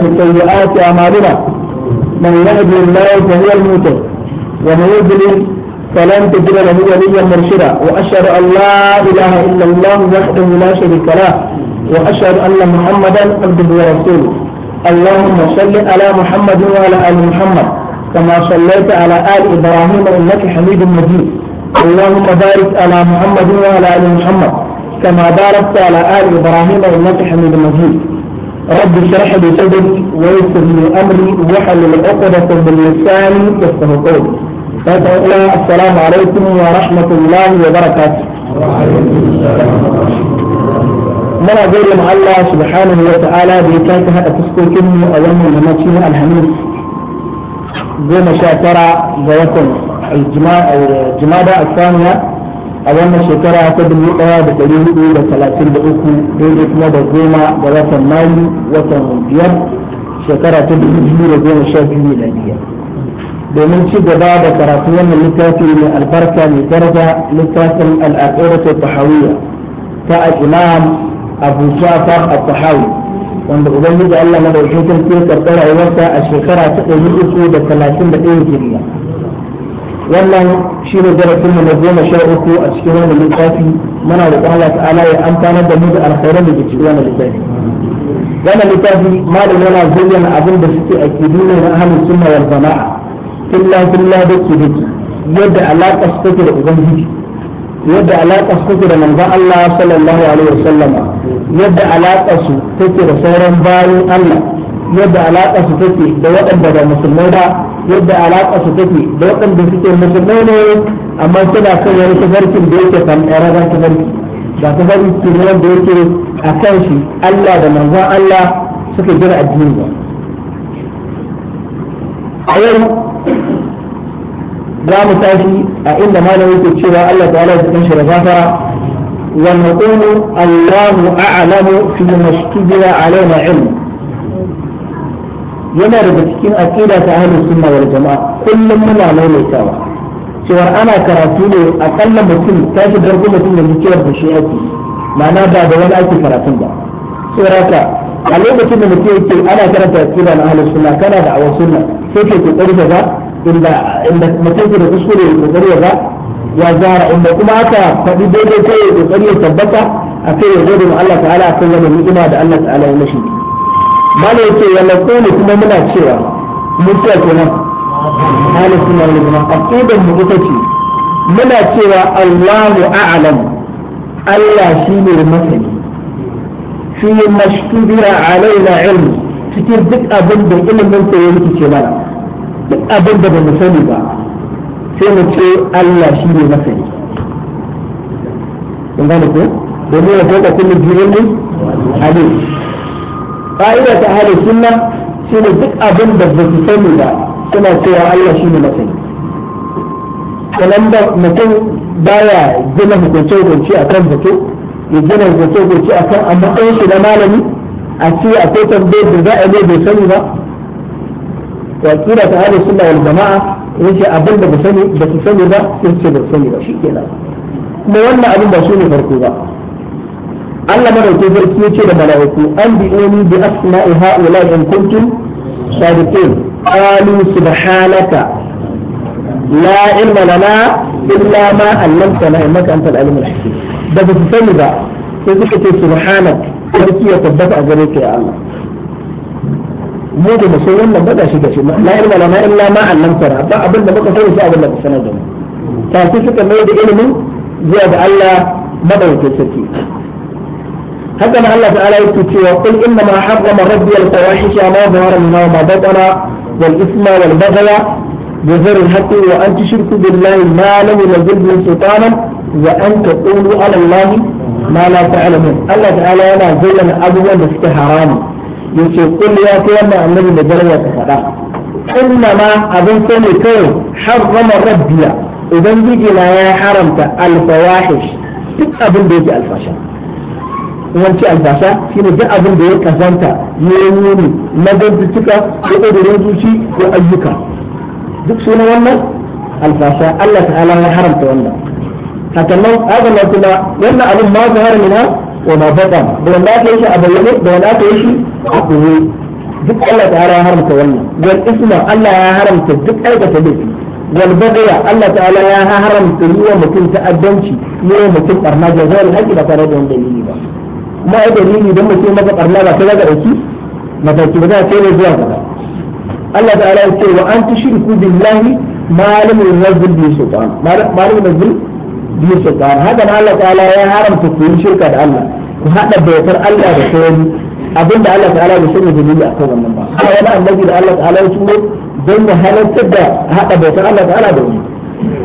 من سيئات أعمالنا من يهد الله فهو المهتد ومن يضلل فلن تجد له وليا مرشدا وأشهد أن لا إله إلا الله وحده لا شريك له وأشهد أن محمدا عبده ورسوله اللهم صل على محمد وعلى آل محمد كما صليت على آل إبراهيم إنك حميد مجيد اللهم بارك على محمد وعلى آل محمد كما باركت على آل إبراهيم إنك حميد مجيد رب اشرح لي صدري ويسر لي امري واحلل عقدة من لساني يفقه قولي. السلام عليكم ورحمة الله وبركاته. وعليكم السلام ورحمة الله muna gode ma Allah subhanahu wa ta'ala da ya sake haɗa fuskokin mu a wannan yammaci na alhamis goma sha tara ga watan jimada a saniya a wannan shekara ta dubu ɗaya da ɗari hudu da talatin da uku daidai kuma da goma da watan mayu watan biyar shekara ta dubu biyu da goma sha biyu na biyar domin ci gaba da karatu wannan littafi mai albarka mai daraja littafin al'aqidatu tahawiyya ta al-imam Abu Ja'far al-Tahawi wanda ubangiji Allah madaukakin sarki ya karɓi rayuwarsa a shekara ta ɗari uku da talatin da ɗaya hijiriya wannan shi ne darasin mu na goma sha uku a cikin wannan littafi muna da Allah ta'ala ya amfanar da mu da alkhairan da ke cikin wannan littafi wannan littafi malam yana bayyana abin da suke a kidina na ahlus sunna wal jama'a illa billah da ke dake yadda alaƙa su take da ubangiji yadda alaƙa su take da manzon Allah sallallahu alaihi wasallam yadda alaƙa su take da sauran bayan Allah yadda alaƙa su take da waɗanda ba musulmai ba yadda alaƙa su take da waɗanda suke musulmai ne amma suna kan wani tafarkin da yake fanɗara da tafarki ba tafarki ne wanda yake a kan shi Allah da manzon Allah suka jira addini ba a yau za mu tashi a inda malam yake cewa Allah ta'ala ya cikin shi da gafara ونقول الله أعلم فيما اشتبه علينا علمه yana daga cikin aqida ta ahlus sunna wal jama'a kullum muna maimaitawa cewa ana karatu ne a akalla mutum tashi darbu mutum da mutuwar da shi ake ma'ana ba da wani ake karatun ba saboda a lokacin da mutum yake ana karanta aqida na ahlus sunna kana da awa sunna sai ke kokari ka ga inda inda mutum ke da kuskure ya kokari ya ga ya zara inda kuma aka faɗi daidai kai ya kokari ya tabbata kai ya gode ma Allah ta'ala akan wannan ni'ima da Allah ta'ala ya mashi mana yake ya ne kuma muna cewa mutuwa kenan halin suna wani zama aqidan mu ita ce muna cewa Allahu a'lam Allah shi ne masani shi mashtubira alaina ilmi cikin duk abin da ilimin ta ya rikice mana duk abin da ba mu sani ba sai mu ce Allah shi ne masani kun gane ko domin ya kuka ne a alim ƙa'ida ta hada sunna shine duk abin da ba su sani ba suna cewa Allah shi ne masani da mutum baya gina hukunce-hukunce a kan zato ya gina hukunce-hukunce a kan amma ɗan shi na malami a ce akwai tambayar da za a yi bai sani ba wa kira ta hada sunna wal jama'a yace abin da ba su sani ba sai ce ba sani ba shi kenan kuma wannan abin ba su ne farko ba Allah madauki sarki yace da malaiku an bi'uni bi asma'i ha'ula in kuntum sadiqin qalu subhanaka la ilma lana illa ma 'allamtana innaka antal alimul hakim da ba su sani ba sai suka ce subhanak sarki ya tabbata a gare ka ya Allah mu da mu san wannan ba gashi gashi la ilma lana illa ma 'allamtana ba abin da muka sani sai abin da ka sanar da mu ta suka mai da ilimin zuwa da Allah madaukakin sarki هذا الله تعالى يكتب وقل إنما حرم ربي الفواحش ما ظهر منها وما بطن والإثم والبغي بغير الحق وأن تشركوا بالله ما لم ينزل به سلطانا وأن تقولوا على الله ما لا تعلمون الله تعالى أنا زين أبوا بسك حرام يقول قل يا كيما أن لم يجرى إنما أبن سنكو حرم ربي إذا بيجي لا حرمت الفواحش تبقى بالبيت الفشل wanci alfasha ne duk abin da ya kazanta ya yi nuni na gantuttuka ko ƙudurin zuci ko ayyuka duk suna wannan alfasha Allah ta'ala ya haramta wannan hakan nan haka nan kula wannan abin ma zahara min ha wa ma batan da wanda aka yi shi a bayyane da wanda aka yi shi a koyo duk Allah ta'ala ya haramta wannan wal isma Allah ya haramta duk aikata laifi wal bagaya Allah ta'ala ya haramta yi wa mutum ta'addanci yi wa mutum barna da zai haƙi ba tare da wanda yi ba ma ya dalili idan mutum maka barna ba sai ga dauki mataki ba za ka yi zuwa gaba Allah ta'ala ya ce wa an tushriku billahi ma lam yunzil bi sultan ma lam yunzil bi sultan haka nan Allah ta'ala ya haramta ku yi shirka da Allah ku hada bautar Allah da sauran abinda Allah ta'ala bai sani dalili akan wannan ba sai wani annabi da Allah ta'ala ya turo don ya halartar da hada bautar Allah ta'ala da wani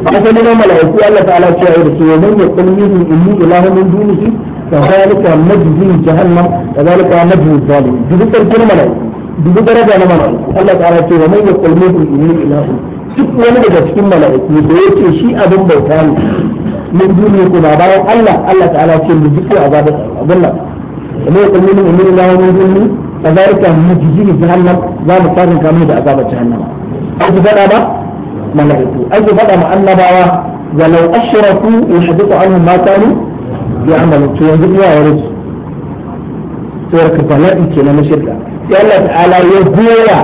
asali na mala'iku Allah ta'ala ce ya yi da su wa man yaqul minni inni ilahun min dunihi كذلك نجزي جهنم كذلك نجزي الظالمين دي كلمة ملائكة dubu daraja na mala'iku Allah ta'ala ce wa man yaqul minkum inni ilahu duk wani daga cikin mala'iku da yake shi abin bauta ne min duniya kuma bayan Allah Allah ta'ala ce mu jiko azaba abinna wa man yaqul minkum inni ilahu min duniya kadhalika mujizin jahannam za mu farin kamu da azabar jahannam an ji fada ba mala'iku an mu bi amalin to yanzu iya wurin su to ka fala'i ke na mashirka sai Allah ta'ala ya goya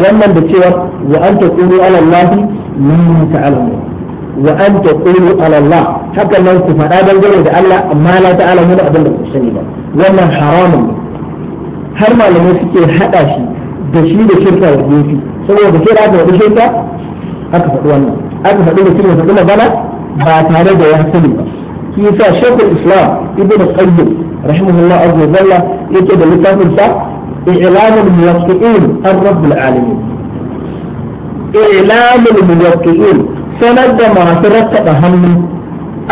wannan da cewa wa an taqulu ala Allah ma ta'lamu wa an taqulu ala Allah haka nan ku faɗa dangane da Allah amma la ta'lamu abin da ku sani ba wannan haramun har malamai suke hada shi da shi da shirka wa gefe saboda sai da aka shirka aka faɗi wannan aka faɗi da shirka faɗi magana ba tare da ya sani ba kisa shekul islam ibn qayyim rahimahullah azza wa yake da littafin sa i'lamul muwaqqi'in an rabbil alamin i'lamul muwaqqi'in sanar da masu rattaba hannu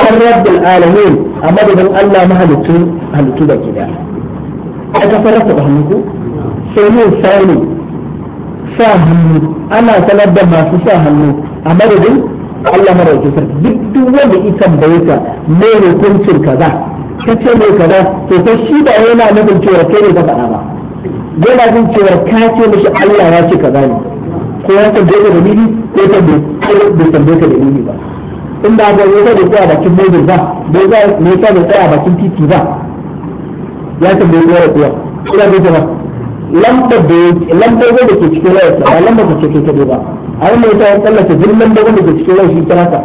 an rabbil alamin a madadin Allah mahalicci halittu da gida aka sarrafa da hannu ko sai ne sai sa hannu ana sanar da masu sa hannu a madadin Allah marauki sarki duk duk wanda ita bai mai hukuncin kaza ka ce mai kaza to fa shi ba yana nufin cewa kai ne ka faɗa ba yana jin cewa ka ce mishi Allah ya ce kaza ne ko ya tambaye da dalili ko ta bai tambaye ka dalili ba in ba ga yau da tsaya bakin mobile ba bai za ne da tsaya bakin titi ba ya tambaye ka ya kuwa ina bai ba lambar da lambar da ke cikin wayar ba lambar da ke cikin ba a yi mai tayin tsallaka duk lambar da ke cikin wayar shi kira ka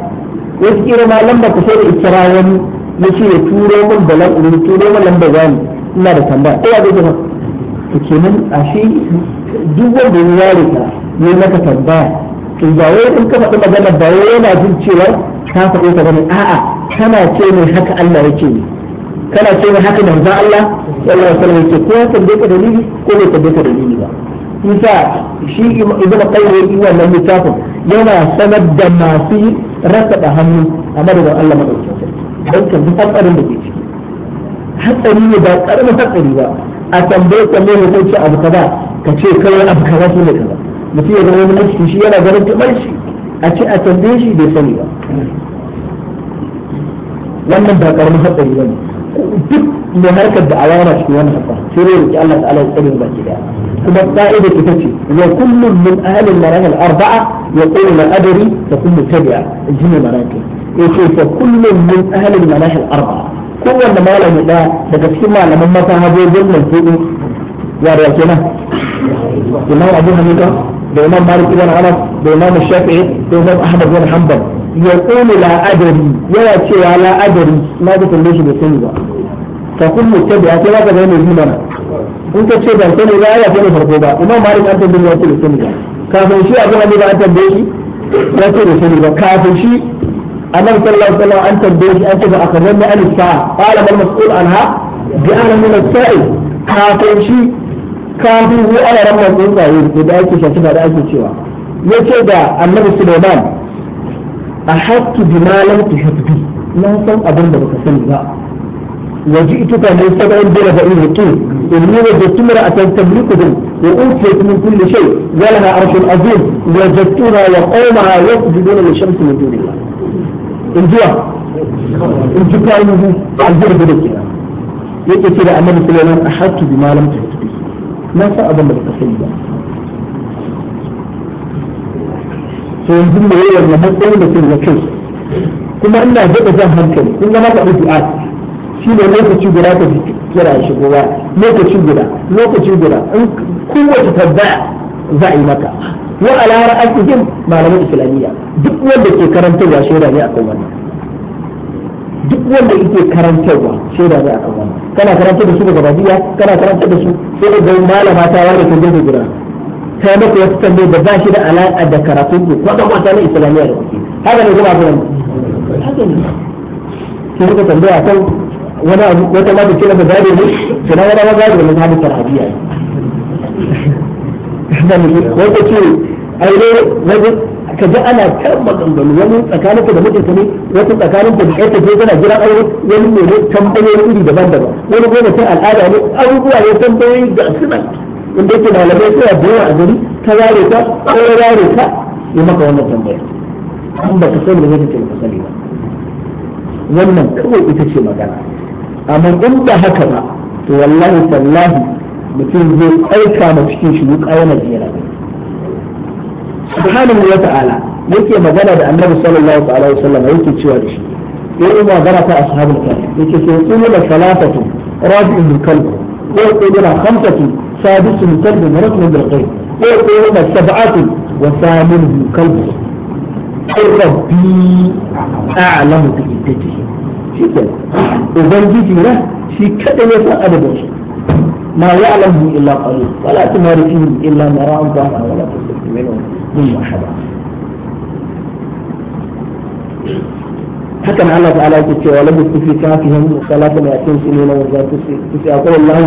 wasu kira ma lambar ta sai da ikira wani na shi ya turo min da lambar turo min lambar wani ina da tambaya ko ya zai gaba to kenan a shi duk wanda ya yare ka ne maka tambaya to ba wai in ka faɗi magana ba wai yana jin cewa ka faɗi ka bane a'a kana ce ne haka Allah yake ne kana ce mai haka manzo Allah sallallahu alaihi wasallam yake ko ya tambaye ka dalili ko bai tambaye ka dalili ba isa shi ibn qayyim yi wannan littafin yana sanar da masu rasa da hannu a madadin Allah madaukakin sarki don kan duk hatsarin da ke ciki hatsari ne ba karamin hatsari ba a tambaye ka mai mutum ce abu kaza ka ce kawai abu kaza shi ne kaza mutum ya zama wani mutum shi yana ganin kamar shi a ce a tambaye shi bai sani ba wannan ba karamin hatsari ba ne duk mai harkar da awa yana cikin wannan hafa sai dai roki Allah ta'ala ya tsare mu baki daya kuma ka'ida ita ce wa kullum min ahli al-marah al-arba'a yaqulu la adri takun mutabi'a jinni maraki yace fa kullum min ahli al-marah al-arba'a kowanne malami da daga cikin malaman mazhabobin nan sai ya da kenan imam abu hanifa da imam malik ibn anas da imam shafi'i da imam ahmad ibn hanbal ya la'adari yana cewa la adari na ka tambaye shi da sani ba ka kun mutum da ya ce zaka zama mai mana in ka ce ban sani ba ya sani farko ba amma malik an tambaye ya da sani ba kafin shi abin da ba an tambaye shi ya ce da sani ba kafin shi annabi sallallahu alaihi an tambaye shi an ce ba akhadna an sa'a qala bal mas'ul anha kafin shi kafin da ake shafi cewa yace da annabi sulaiman أحط بما لم تحط به لا سن أبن بك سنبا وجئتك من سبع بلا بعيد الطول إني وجدت امرأة تملكهم وأوتيت من كل شيء ولها عرش عظيم وجدتها وقومها يسجدون للشمس من دون الله انجوا انجوا إن جوا إنه عزيز بدك يكتب أمام سليمان أحط بما لم تحط به لا سن أبن بك سنبا to yanzu ne yayin da matsayin da kin zakai kuma ina daɗa jan hankali kun ga maka du'a shi ne lokaci guda ka kira shi gowa lokaci guda lokaci guda in kowace tambaya za a yi maka wa ala ra'atihim malamin islamiyya duk wanda ke karantarwa shaida ne akan wannan duk wanda yake karantarwa shaida ne wannan kana karantar da su daga babiya kana karantar da su sai da malama ta ware ta gefe guda ta maka wata tambayi da ba shi da alaƙa da karatun ku wanda kuma ta na islamiyya da kuke haka ne kuma abu nan haka ne sai suka tambaya kan wani abu wata ma da kila ba zaɓe ne to na wani ma zaɓe ne ta halittar abiya wanda ce aure wani ka ji ana kan maganganu wani tsakaninka da mijinka ne wata tsakaninka da ƴarta ce tana jira aure wani ne tambayoyi iri daban-daban wani gwamnatin al'ada ne abubuwa ne tambayoyi da suna inda yake malamai sai da yawa a gari ta zare ka ko ya zare ka ya maka wannan tambaya an ba ka sani da zai ce ba sani ba wannan kawai ita ce magana amma in ba haka ba to wallahi wallahi mutum zai aika ma cikin shi wuka yana jera subhanahu wa ta'ala yake magana da annabi sallallahu alaihi wasallam yake cewa da shi yayi magana ta ashabul kahf yake sai kullu salatu rabi'un kalbu wa kullu khamsatu سادس من كلب مرق من القيد وقوم السبعة وثامن من كلب ربي أعلم بإدته شكرا وبن له في كده يسا أدب ما يعلمه إلا قليل ولا تمارسين إلا مراء ظاهر ولا تستطيع منه من أحد حكم الله تعالى يقول ولبثت في كافهم ثلاثة مائتين سنين وزاد تسعة قول الله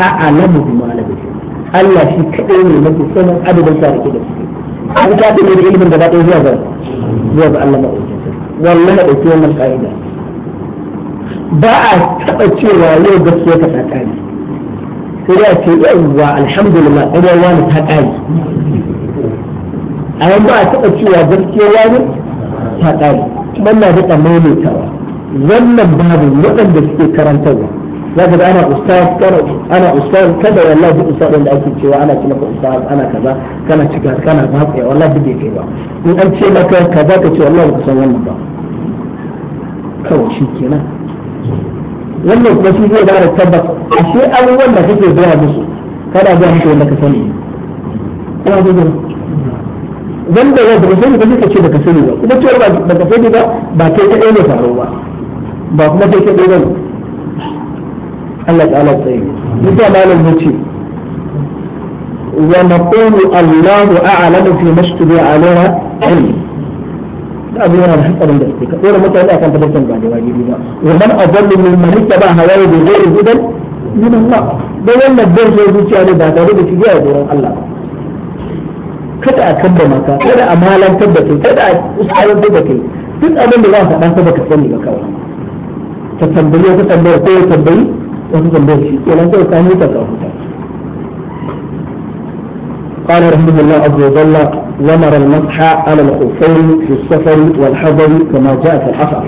a'lamu bima la Allah shi kadai ne mafi sanin adadin kwanaki da suke an ka da ilimin da ba ta zuwa ga zuwa ga Allah maɗauki wallahi ɗauki wannan ka'ida ba a taɓa cewa yau gaskiya ka ta ƙari sai dai a ce yawwa alhamdulillah ɗaya wani ta ƙari a yan ba a taɓa cewa gaskiya wani ta ƙari wannan da ta maimaitawa wannan babu waɗanda suke karantarwa za ka ga ana ustaz kana ana ustaz kada wallahi duk ustaz da ake cewa ana ce maka ustaz ana kaza kana ci cika kana ba bakiya wallahi duk bai kai ba in an ce maka kaza ka ce wallahi ba san wannan ba kawai shi kenan wannan kuma shi zai bada tabbas ashe abubuwan da kake zuwa musu kada zuwa musu wanda ka sani kana zuwa wanda ya da sani ba kake ce da ka sani ba kuma cewa ba ka sani ba ba kai kadai ne faruwa ba kuma kai kadai ba Allah ta'ala tsaye ita malam yace wa naqulu Allahu a'lamu fi mashtubi alaiha ilmi abu yana da hatsarin da suke kaɗora mutane akan tabbatar ba da wajibi ba wannan azallu min man ittaba hawaye bi ghairi hudan min Allah dan wannan bai zo zuciya ne ba tare da shi ya doron Allah kada a kaddama ka kada a malantar da kai kada a usalantar da kai duk abin da za ka faɗa ka baka sani ba kawai ta tambaye ka tambaye ko ya tambayi wani shi kenan huta قال رحمه الله عز وجل ومر المسح على الخفين في السفر والحضر كما جاء في الاثر.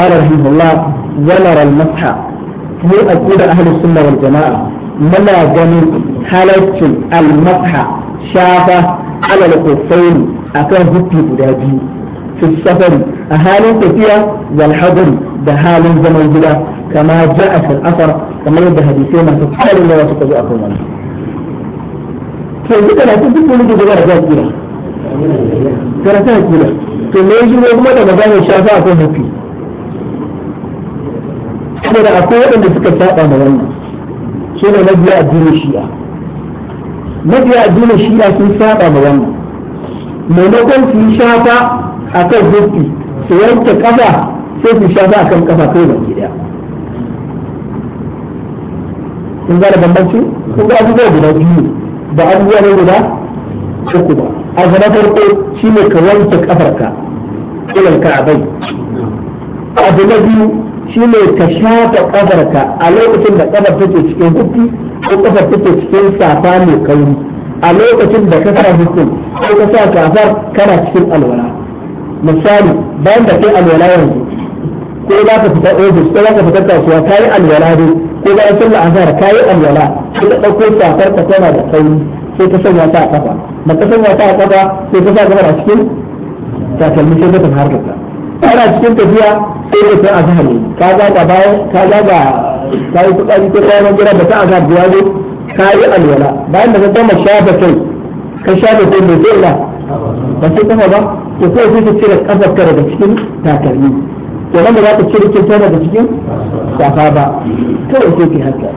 قال رحمه الله ومر المسح هو أكيد أهل السنة والجماعة ملا جميل حالة المسح شافة على الخفين أكان بكي بدادي في السفر أهالي كثيرة والحضر بهالي زمن جدا كما جاء في الأثر كما يبدو حديثين ما تتحال الله وتقضي أقوانا فإذا كان هكذا تقول لك جواب جاء كلا كرتها كلا ثم يجي وقمة مباني الشافع أكون هكي saboda akwai waɗanda suka saba da wannan su ne mabiya addinin shi'a mabiya addinin shi'a sun saba da wannan maimakon su yi shafa a kan hukki su yanke kafa sai su shafa a kan kafa kai baki ɗaya kun gane bambanci kun ga abubuwa guda biyu ba abubuwa ne guda uku ba a zama farko ne ka wanke kafarka a bai abu na biyu shi ne ka shafa kafarka a lokacin da kafar take cikin kuki ko kafar take cikin safa mai kauri a lokacin da ka sa hukun ko ka sa kafar kana cikin alwala misali bayan da kai alwala yanzu ko za ka fita ofis ko za ka fita kasuwa ka yi alwala dai ko bayan sallar azhar yi alwala sai ka dauko safar ka tana da kauri sai ka sanya ta a kafa ba ka sanya ta a kafa sai ka sa gaba a cikin takalmi sai ka tafi har ka ana cikin tafiya sai ka san azhar ne ka ga ka bayan ka ga ga ka yi kuɗaɗi ko kayan gida da ta azhar da yazo ka yi alwala bayan da ka gama shafa kai ka shafa kai mai dole ba sai kafa ba ko sai ka cire kafar ka daga cikin takalmi nan da za ka cire kin daga cikin shafa ba kawai sai ki haka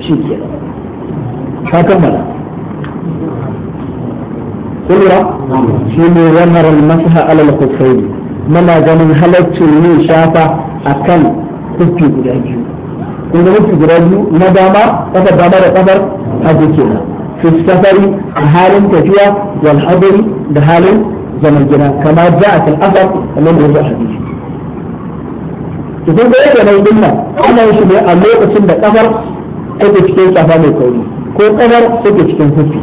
shi ke ka kammala kullura shi ne ramar masaha alal kufai muna ganin halaccin yin shafa akan kufi guda biyu kun ga kufi guda biyu na dama kafar dama da kafar hagu kenan fi safari a halin tafiya wal hadari da halin zaman gida kama ja'a fil asar kamar da yake a hadisi idan da yake nan dinnan ana yin shi ne a lokacin da kafar take cikin safa mai kauri ko kafar take cikin hufi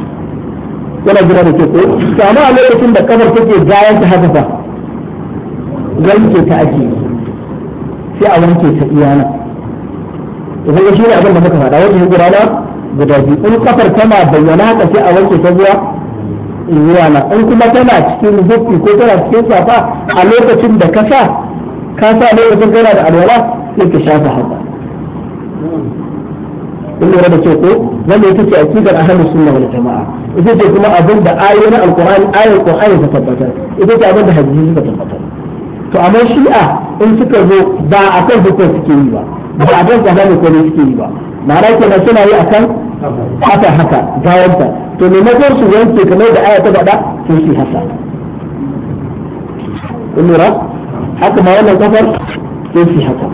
yana gida da ke ko amma a lokacin da kafar take gayan ta haka fa wanke ta ake sai a wanke ta iyana nan idan shi ne abin da muka faɗa wajen guda guda biyu in kafar tana bayyana haka sai a wanke ta zuwa zuwa na in kuma tana cikin zufi ko tana cikin safa a lokacin da ka sa ka sa lokacin kana da alwala sai ka shafa haka in lura da ce ko wanda ita ce akidar ahlus sunna wal jamaa ita ce kuma abin da ayoyin alqur'ani ko qur'ani ta tabbatar ita ce abin da hadisi suka tabbatar to amma shi'a in suka zo ba akan hukunci suke yi ba ba akan zalimi ko ne suke yi ba ma'ana kenan suna yi akan haka haka gawanta to maimakon su wanke kamar da aya ta faɗa sai su haka kun lura haka ma wannan kafar sai su haka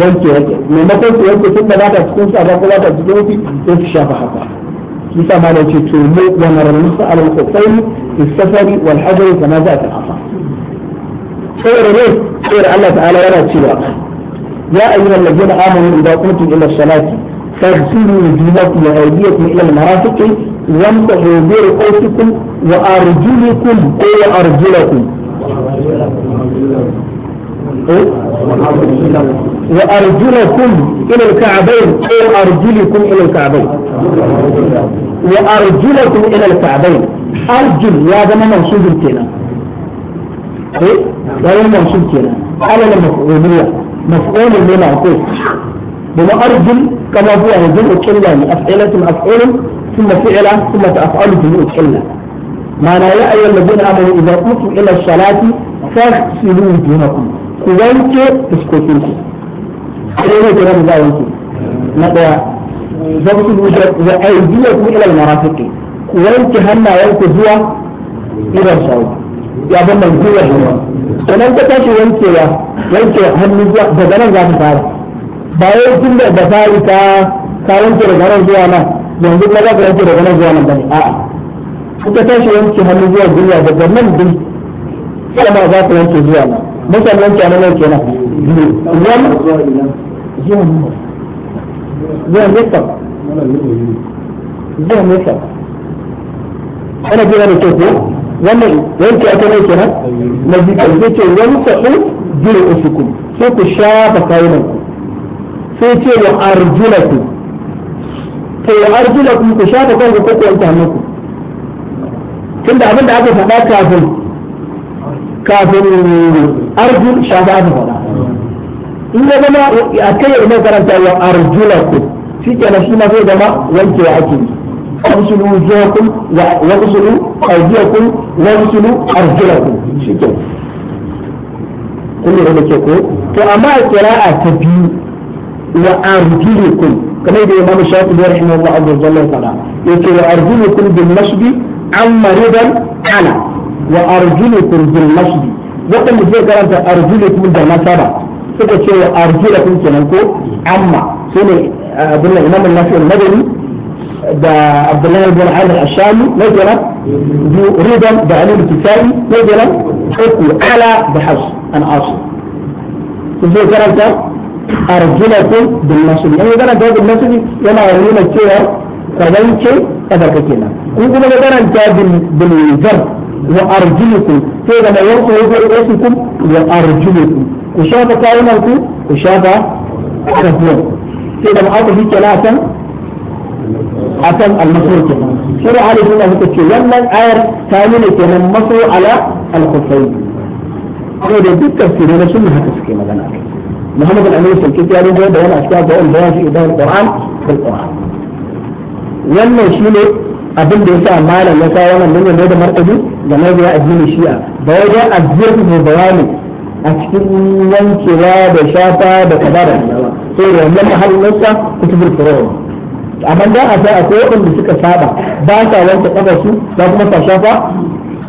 wanke wanke maimakon su wanke tun da ba ta cikin sa ba ko ba ta cikin wuti sai su shafa haka kisa ma da ce to mu wa naranusa alal khufaini fi safari wal hajri kama za'a ta afa saboda ne saboda Allah ta'ala yana cewa ya ayyuhal ladina amanu idza qumtum ila salati فاغسلوا وجوهكم وأيديكم إلى المرافق وامسحوا برؤوسكم وأرجلكم أو أرجلكم إيه؟ وأرجلكم إلى الكعبين أو أرجلكم إلى الكعبين وأرجلكم إلى الكعبين أرجل يا زلمة منصوب كنا إيه؟ ده منصوب كنا على المفعولية مفعول لما أقول بما كما هو جمع كلة من أفعلة أفعل ثم فعلة ثم تفعل جمع كلة معنى يا أيها الذين آمنوا إذا قمتم إلى الصلاة فاغسلوا وجوهكم كوانك تسكتون أيها الكلام لا يمكن نقوى فاغسلوا وأيديكم إلى المرافق كوانك يلقوا هو إلى الصلاة يا بنا الجوع هنا sannan ka tashi wankewa wanke hannu daga nan za ba wai tun da ba ta yi ta ta daga nan zuwa nan yanzu ma za ka wanke daga nan zuwa nan ne a'a ta shi tashi wanke hannu zuwa gwiwa daga nan dai sai ma za ka wanke zuwa nan mutane wanke a nan kenan wani zuwa nan zuwa nesa zuwa nesa ana jira da kyau ko wannan yanki aka ne kenan na biyu kan zai ce wani sa'u jira usukum sai ku shafa kayan ku sai ce wa arjulaku to wa arjulaku ku shafa kanku ko ku wanke hannunku tunda abin da aka faɗa kafin kafin arjul shafa aka faɗa in ya zama a kai ya mai karanta wa arjulaku shi na shi ma zai zama wankewa ake yi اغسلوا shi ke kuma واغسلوا ke ko to amma a kira a ta biyu. وأرجلكم كما يقول الإمام الشافعي رحمه الله عز وجل تعالى يقول وأرجلكم بالمشد عما رضا على وأرجلكم بالمشد وقال مثل إيه قال أنت أرجلكم من دعنا سابع فكتشي وأرجلكم كننكو عما سيني عبد الله الإمام النافع المدني دا عبد الله بن عامر الشامي نزل رضا بعلم الكتاب نزل حكم على بحج عن عاصم فكتشي قال أنت arjulakum bil masjid ne magana da bil masjid yana nuna cewa ka wanke kafar ka kenan in kuma magana da bil wizar wa arjulukum sai da yanku wa arjulukum wa arjulukum ku shafa kayunan ku ku shafa kafuwan sai da ma'aka shi kenan akan akan al-masjid kenan shari'a alaihi wa sallam ce wannan ayar ta nuna kenan masu ala al-kufayyi saboda dukkan su ne na sunna haka suke magana akai محمد الأمين السلكيتي يا رجل بيان أشكال بيان بيان في إبان القرآن بالقرآن wannan shi ne abin ya sa malam ya kawo wannan ne mai da martabi da mabiya addinin shi'a da ya ga azzirku da bayani a cikin yankewa da shafa da kaza da kaza sai da wannan mahallin nasa kutubul furor amma da a sai akwai waɗanda suka saba wanke su kuma shafa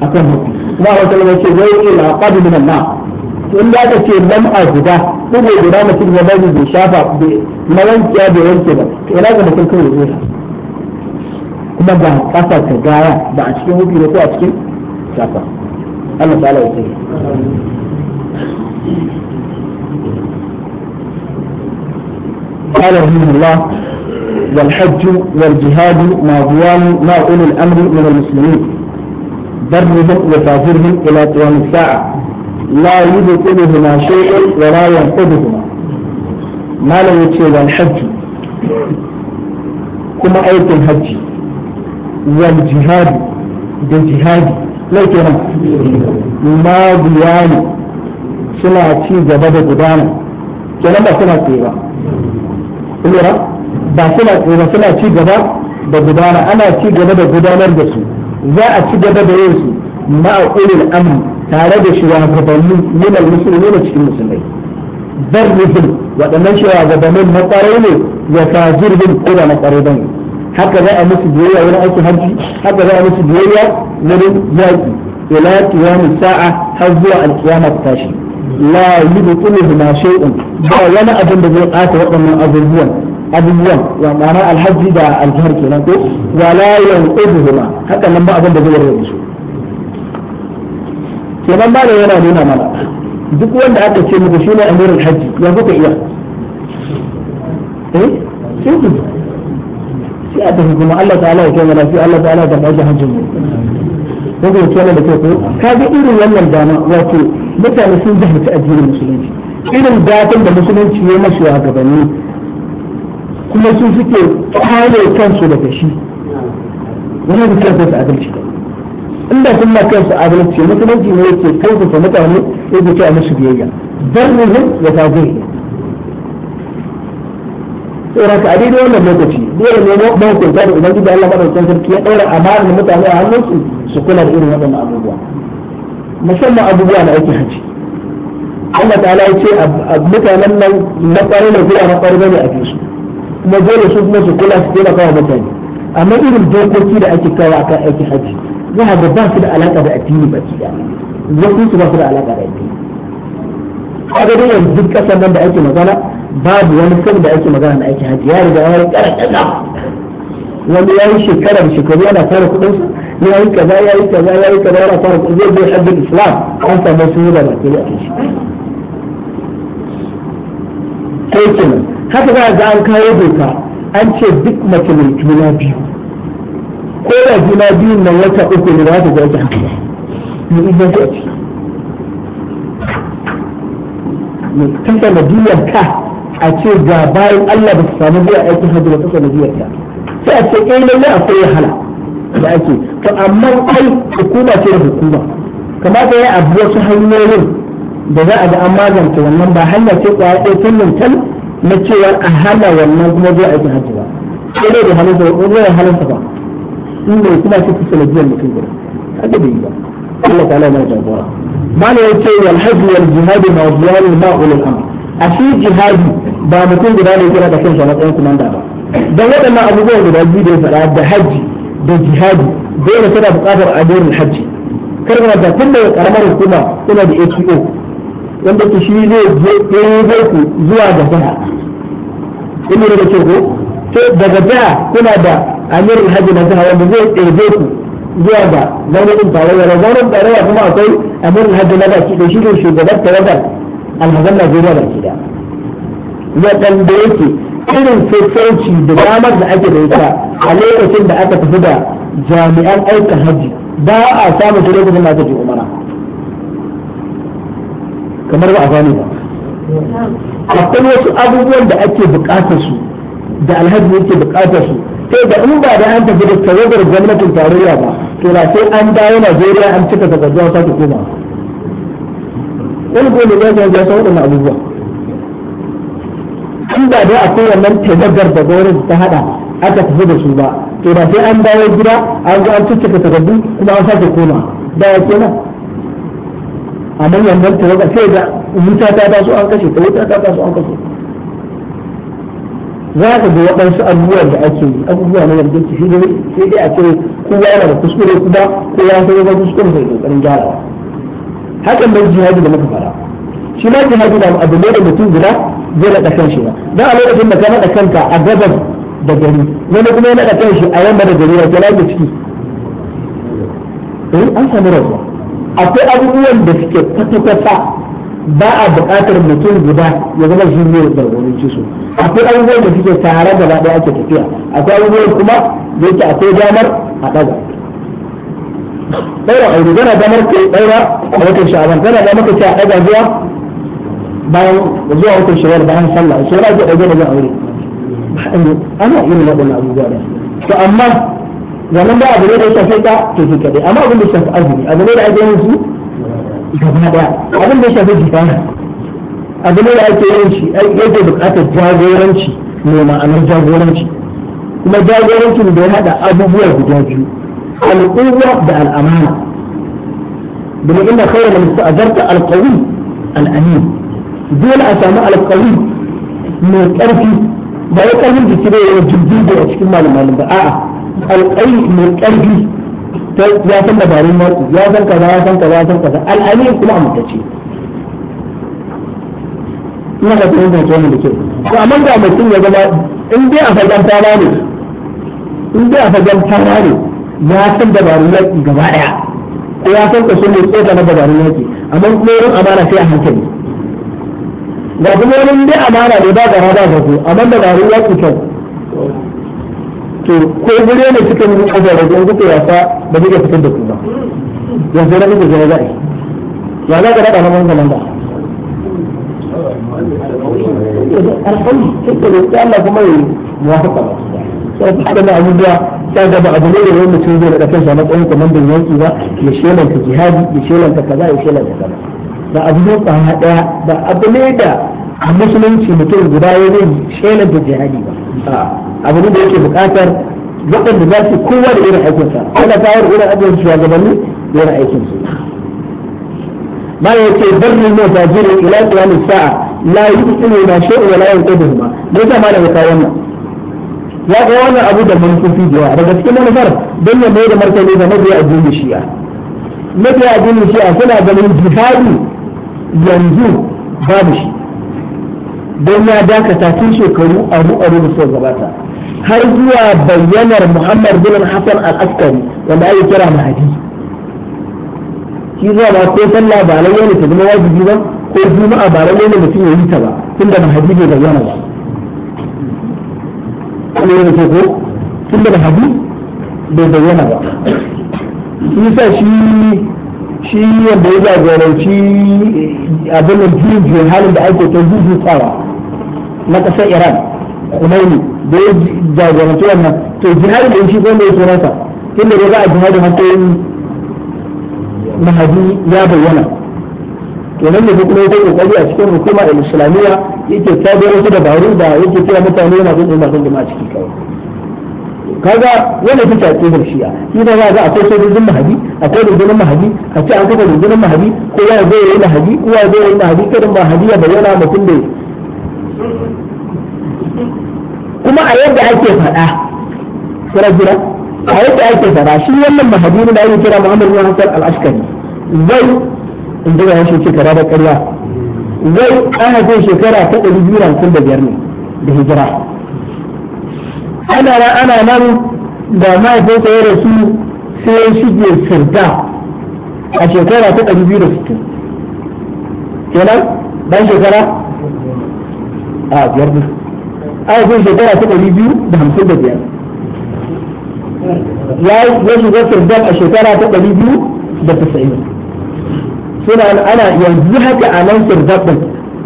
kuma a wata ce zai yi laqad in da aka ce a guda dubo guda mutum ya bari bai shafa na wankiya bai wanke ba to ina ga mutum kawai zai kuma ba kasa ka gaya ba a cikin hukumi ko a cikin shafa Allah ta'ala ya tsare قال رحمه الله والحج والجهاد ماضيان ما أولي الأمر من المسلمين برهم وفاجرهم إلى قيام الساعة لا يبطلهما شيء ولا ينقضهما ما لم يتشي الحج كما أيت الحج والجهاد بالجهاد جهاد لا كنا ما بيان سنة تيجا جبادة قدانا كنا ما سنة تيجا قل يرى با سنة تيجا ci gaba da gudana ana ci gaba da gudanar da su za a ci gaba da tare da shugabanni min al-muslimin cikin musulmai barrihim waɗannan shugabannin na ƙwarai ne ya tajirhim ko da na ƙwarai bane haka za a musu biyayya wani aikin hajji haka za a musu biyayya wurin yaƙi ila qiyamis sa'a har zuwa al-qiyamah tashi la yubtiluhu ma shay'un ba wani abin da zai ƙata wadannan abubuwan abubuwan ya ma'ana alhaji da alfahar kenan ko wala yanquduhuma haka nan ba abin da zai rage su kenan malam yana nuna mana duk wanda aka ce muku shine amirul hajji ya ka iya eh sai ku sai a tafi kuma Allah ta'ala ya kai lafiya Allah ta'ala ya tafi hajjin mu ko ga kenan da kai ka ga irin wannan dama wato mutane sun jahilci addinin musulunci irin datan da musulunci ya masu a gabanni kuma su suke kare kansu daga shi wani da kansu adalci inda sun ma kansu adalci musulunci ne yake kyautata mutane yake cewa musu biyayya barrihim wa tazihim tsoron ka a daidai wannan lokaci dole ne mahukunta da ubangiji Allah madaukakin sarki ya ɗaura amanar mutane a hannunsu su kula da irin waɗannan abubuwa musamman abubuwa na aikin hajji Allah ta'ala ya ce mutanen nan na ƙwarai da kula na ƙwarai bane a bisu kuma dole su kuma su kula su taimaka wa mutane amma irin dokoki da ake kawo akan aikin hajji za a ba su da alaka da addini ba ki da wasu su ba su da alaka da addini a ga dai duk ƙasar nan da ake magana babu wani kan da ake magana da ake hajji ya riga ya ƙara ƙasa wani ya yi shekarar shekaru yana fara kudin su ya yi kaza ya yi kaza ya yi kaza yana fara kudin zai bai hajjin islam an samu sun yi da ba ke da shi sai kenan haka za a ga an kawo doka an ce duk mace mai juna biyu ko da juna biyun nan wata uku ne za ta ga ta hankali mu idan ta ci mu ta sanadiyar ka a ce ga bayan Allah ba su samu biya aikin hajji ba ta sanadiyar ka sai a ce eh lallai akwai wahala da ake to amma ai hukuma ce da hukuma kamar kamata ya abu wasu hanyoyin da za a ga an magance wannan ba hanya ce kwaya ɗaya tallin tal na cewa a hana wannan kuma zuwa aikin hajji ba sai dai da hannun da ba ne kuma su sanadiyar mutum guda haka yi ba Allah jagora ya ce wal hajji wal jihadi amr a shi jihadi ba mutum guda ne kira da matsayin ba dan waɗannan abubuwan guda biyu da ya faɗa da hajji da jihadi dole tana buƙatar ajirin hajji kar kana da tun karamar hukuma da ATO wanda ke shi zai ku zuwa ga in da ke ko daga jiha kuna da amirin hajji na jiha wanda zai ɗebe ku zuwa ga gwamnatin tarayya da gwamnatin tarayya kuma akwai amirin hajji na baki da shi ne shugaban tawagar alhazan najeriya baki da waɗanda yake irin sassauci da damar da ake da ita a lokacin da aka tafi da jami'an aikin hajji ba a samun shi lokacin da aka je umara kamar ba a gane ba akwai wasu abubuwan da ake bukatar su da alhaji yake bukatar su sai eh, da in ba da an tafi da tawagar gwamnatin tarayya ba to na sai an dawo Najeriya an cika an sake koma wani gole ya zai ya san waɗannan abubuwa in ba da akwai wannan tawagar da gwamnati ta haɗa aka tafi da su ba to da sai an dawo gida an zo an cika takardu kuma an sake koma da ya kenan amma wannan tawagar sai da wuta ta taso an kashe ta wuta ta taso an kashe za ka ga waɗansu abubuwan da ake yi abubuwa na yarda ki shigo sai dai a ce kowa yana da kuskure kuma kowa ya san kuskure sai kokarin gyarawa hakan bai jihadi da muka fara shi ma jihadi da abu ne da mutum guda zai naɗa kan shi ba dan a lokacin da ka naɗa kanka a gabas da gari wani kuma ya naɗa kan shi a yamma da gari ya kira da ciki eh an samu rabuwa akwai abubuwan da suke kwata-kwata ba a buƙatar mutum guda ya zama shi ne jagoranci su akwai abubuwan da suke tare gaba ɗaya ake tafiya akwai abubuwan kuma da yake akwai damar a ɗaga ɗaura aure tana damar kai ɗaura a watan sha'aban gana damar ka ce a ɗaga zuwa bayan zuwa watan shawar bayan sallah shi ne ake ɗaga da aure ana irin waɗannan abubuwa da to amma wannan ba abu ne da ya shafi ka ke kaɗai amma abin da ya shafi azumi abu ne da ake yin su gaba daya abin da ya shafi jifana abin da ake yin shi yake bukatar jagoranci mai ma'anar jagoranci kuma jagorancin da ya hada abubuwa guda biyu al'umma da al'amana domin inda kawai da mutu azarta alƙawi al'amin dole a samu alƙawi mai ƙarfi ba ya ƙarfin jiki da yawan jirgin a cikin malamalin ba a'a alƙawi mai ƙarfi ya san dabarun yaƙi ya san kaza ya san kaza ya san kaza al'amin kuma a amintacce ina ga tsoron da tsoron da kyau to amma ga mutum ya zama in dai a fagen fara ne in dai a fagen fara ne ya san dabarun yaƙi gaba ɗaya ko ya san kaso mai tsoka na dabarun yaƙi amma kuma wurin amana sai a hankali ga kuma wurin dai amana ne ba gara ba zato amma dabarun yaƙi kyau to ko gure ne suka yi ajiya da zuwa kuka yasa ba zai fitar da ku ba yanzu na muku zai za'i ya za ka daɗa naman zaman da alƙali kake da ta Allah kuma yi muwafaka ba sai ta haɗa na abubuwa ta gaba abu ne da wani mutum zai daɗa kansa na ƙwai kwamandan yanki ba ya shelanta jihadi ya shelanta kaza ya shelanta kaza ba abu ne kwana ɗaya ba abu ne da a musulunci mutum guda ya zai shelanta jihadi ba abu ne da yake bukatar waɗanda za su kowa da irin aikin sa kuma tayar irin abin shi da irin aikin su ma ya ce barni mu da jiri ila qiyam sa'a la yuqinu ma shay'a wa la yuqaddiru ma da malam ya kawo ya ga wannan abu da mun kufi da yawa daga cikin manufar don ya mai da martani da mabiya addinin shi'a mabiya addinin shi'a suna ganin jihadi yanzu ba babu shi don ya dakata tun shekaru aru aru da suka gabata har zuwa bayyanar muhammad bin hassan al-askari wanda ake kira mahadi shi zuwa ba ko sallah ba lalle ne ta zama wajibi ba ko juma'a ba lalle ne mutum ya yi ta ba tunda mahadi bai bayyana ba kuma yana ko ko tunda mahadi bai bayyana ba shi yasa shi shi yadda ya jagoranci abin da juyin halin da ake ta jujjutawa na ƙasar iran kumaini da ya jagoranci wannan to jihar da shi gwamna ya sunansa inda da za a jihar da matsayin mahadi ya bayyana to nan ne kuma yake kokari a cikin hukuma da islamiyya yake tabbiyar wasu dabaru da yake kira mutane yana bin umma jama'a ciki kawai kaga wannan ita ce da shiya shi ne za a akwai sojojin mahadi akwai rundunar mahadi a ce an kafa rundunar mahadi kowa ya zai yi mahadi kowa ya zai yi mahadi kada mahadi ya bayyana mutum da kuma a yadda ake faɗa kira jira a yadda ake faɗa shi wannan mahadini da ake kira Muhammad bin Hassan al-Ashkari zai in daga yashi shekara da ƙarya zai ahadin shekara ta ɗari biyu hamsin da biyar ne da hijira ana ana nan da mahaifinsa ya rasu sai ya shige sirda a shekara ta ɗari biyu da sittin kenan ban shekara a biyar ne ayyukan shekara ta ɗari biyu da hamsin da biyar ya ya shiga firdam a shekara ta ɗari biyu da tasa'in suna ana yanzu haka a nan firdam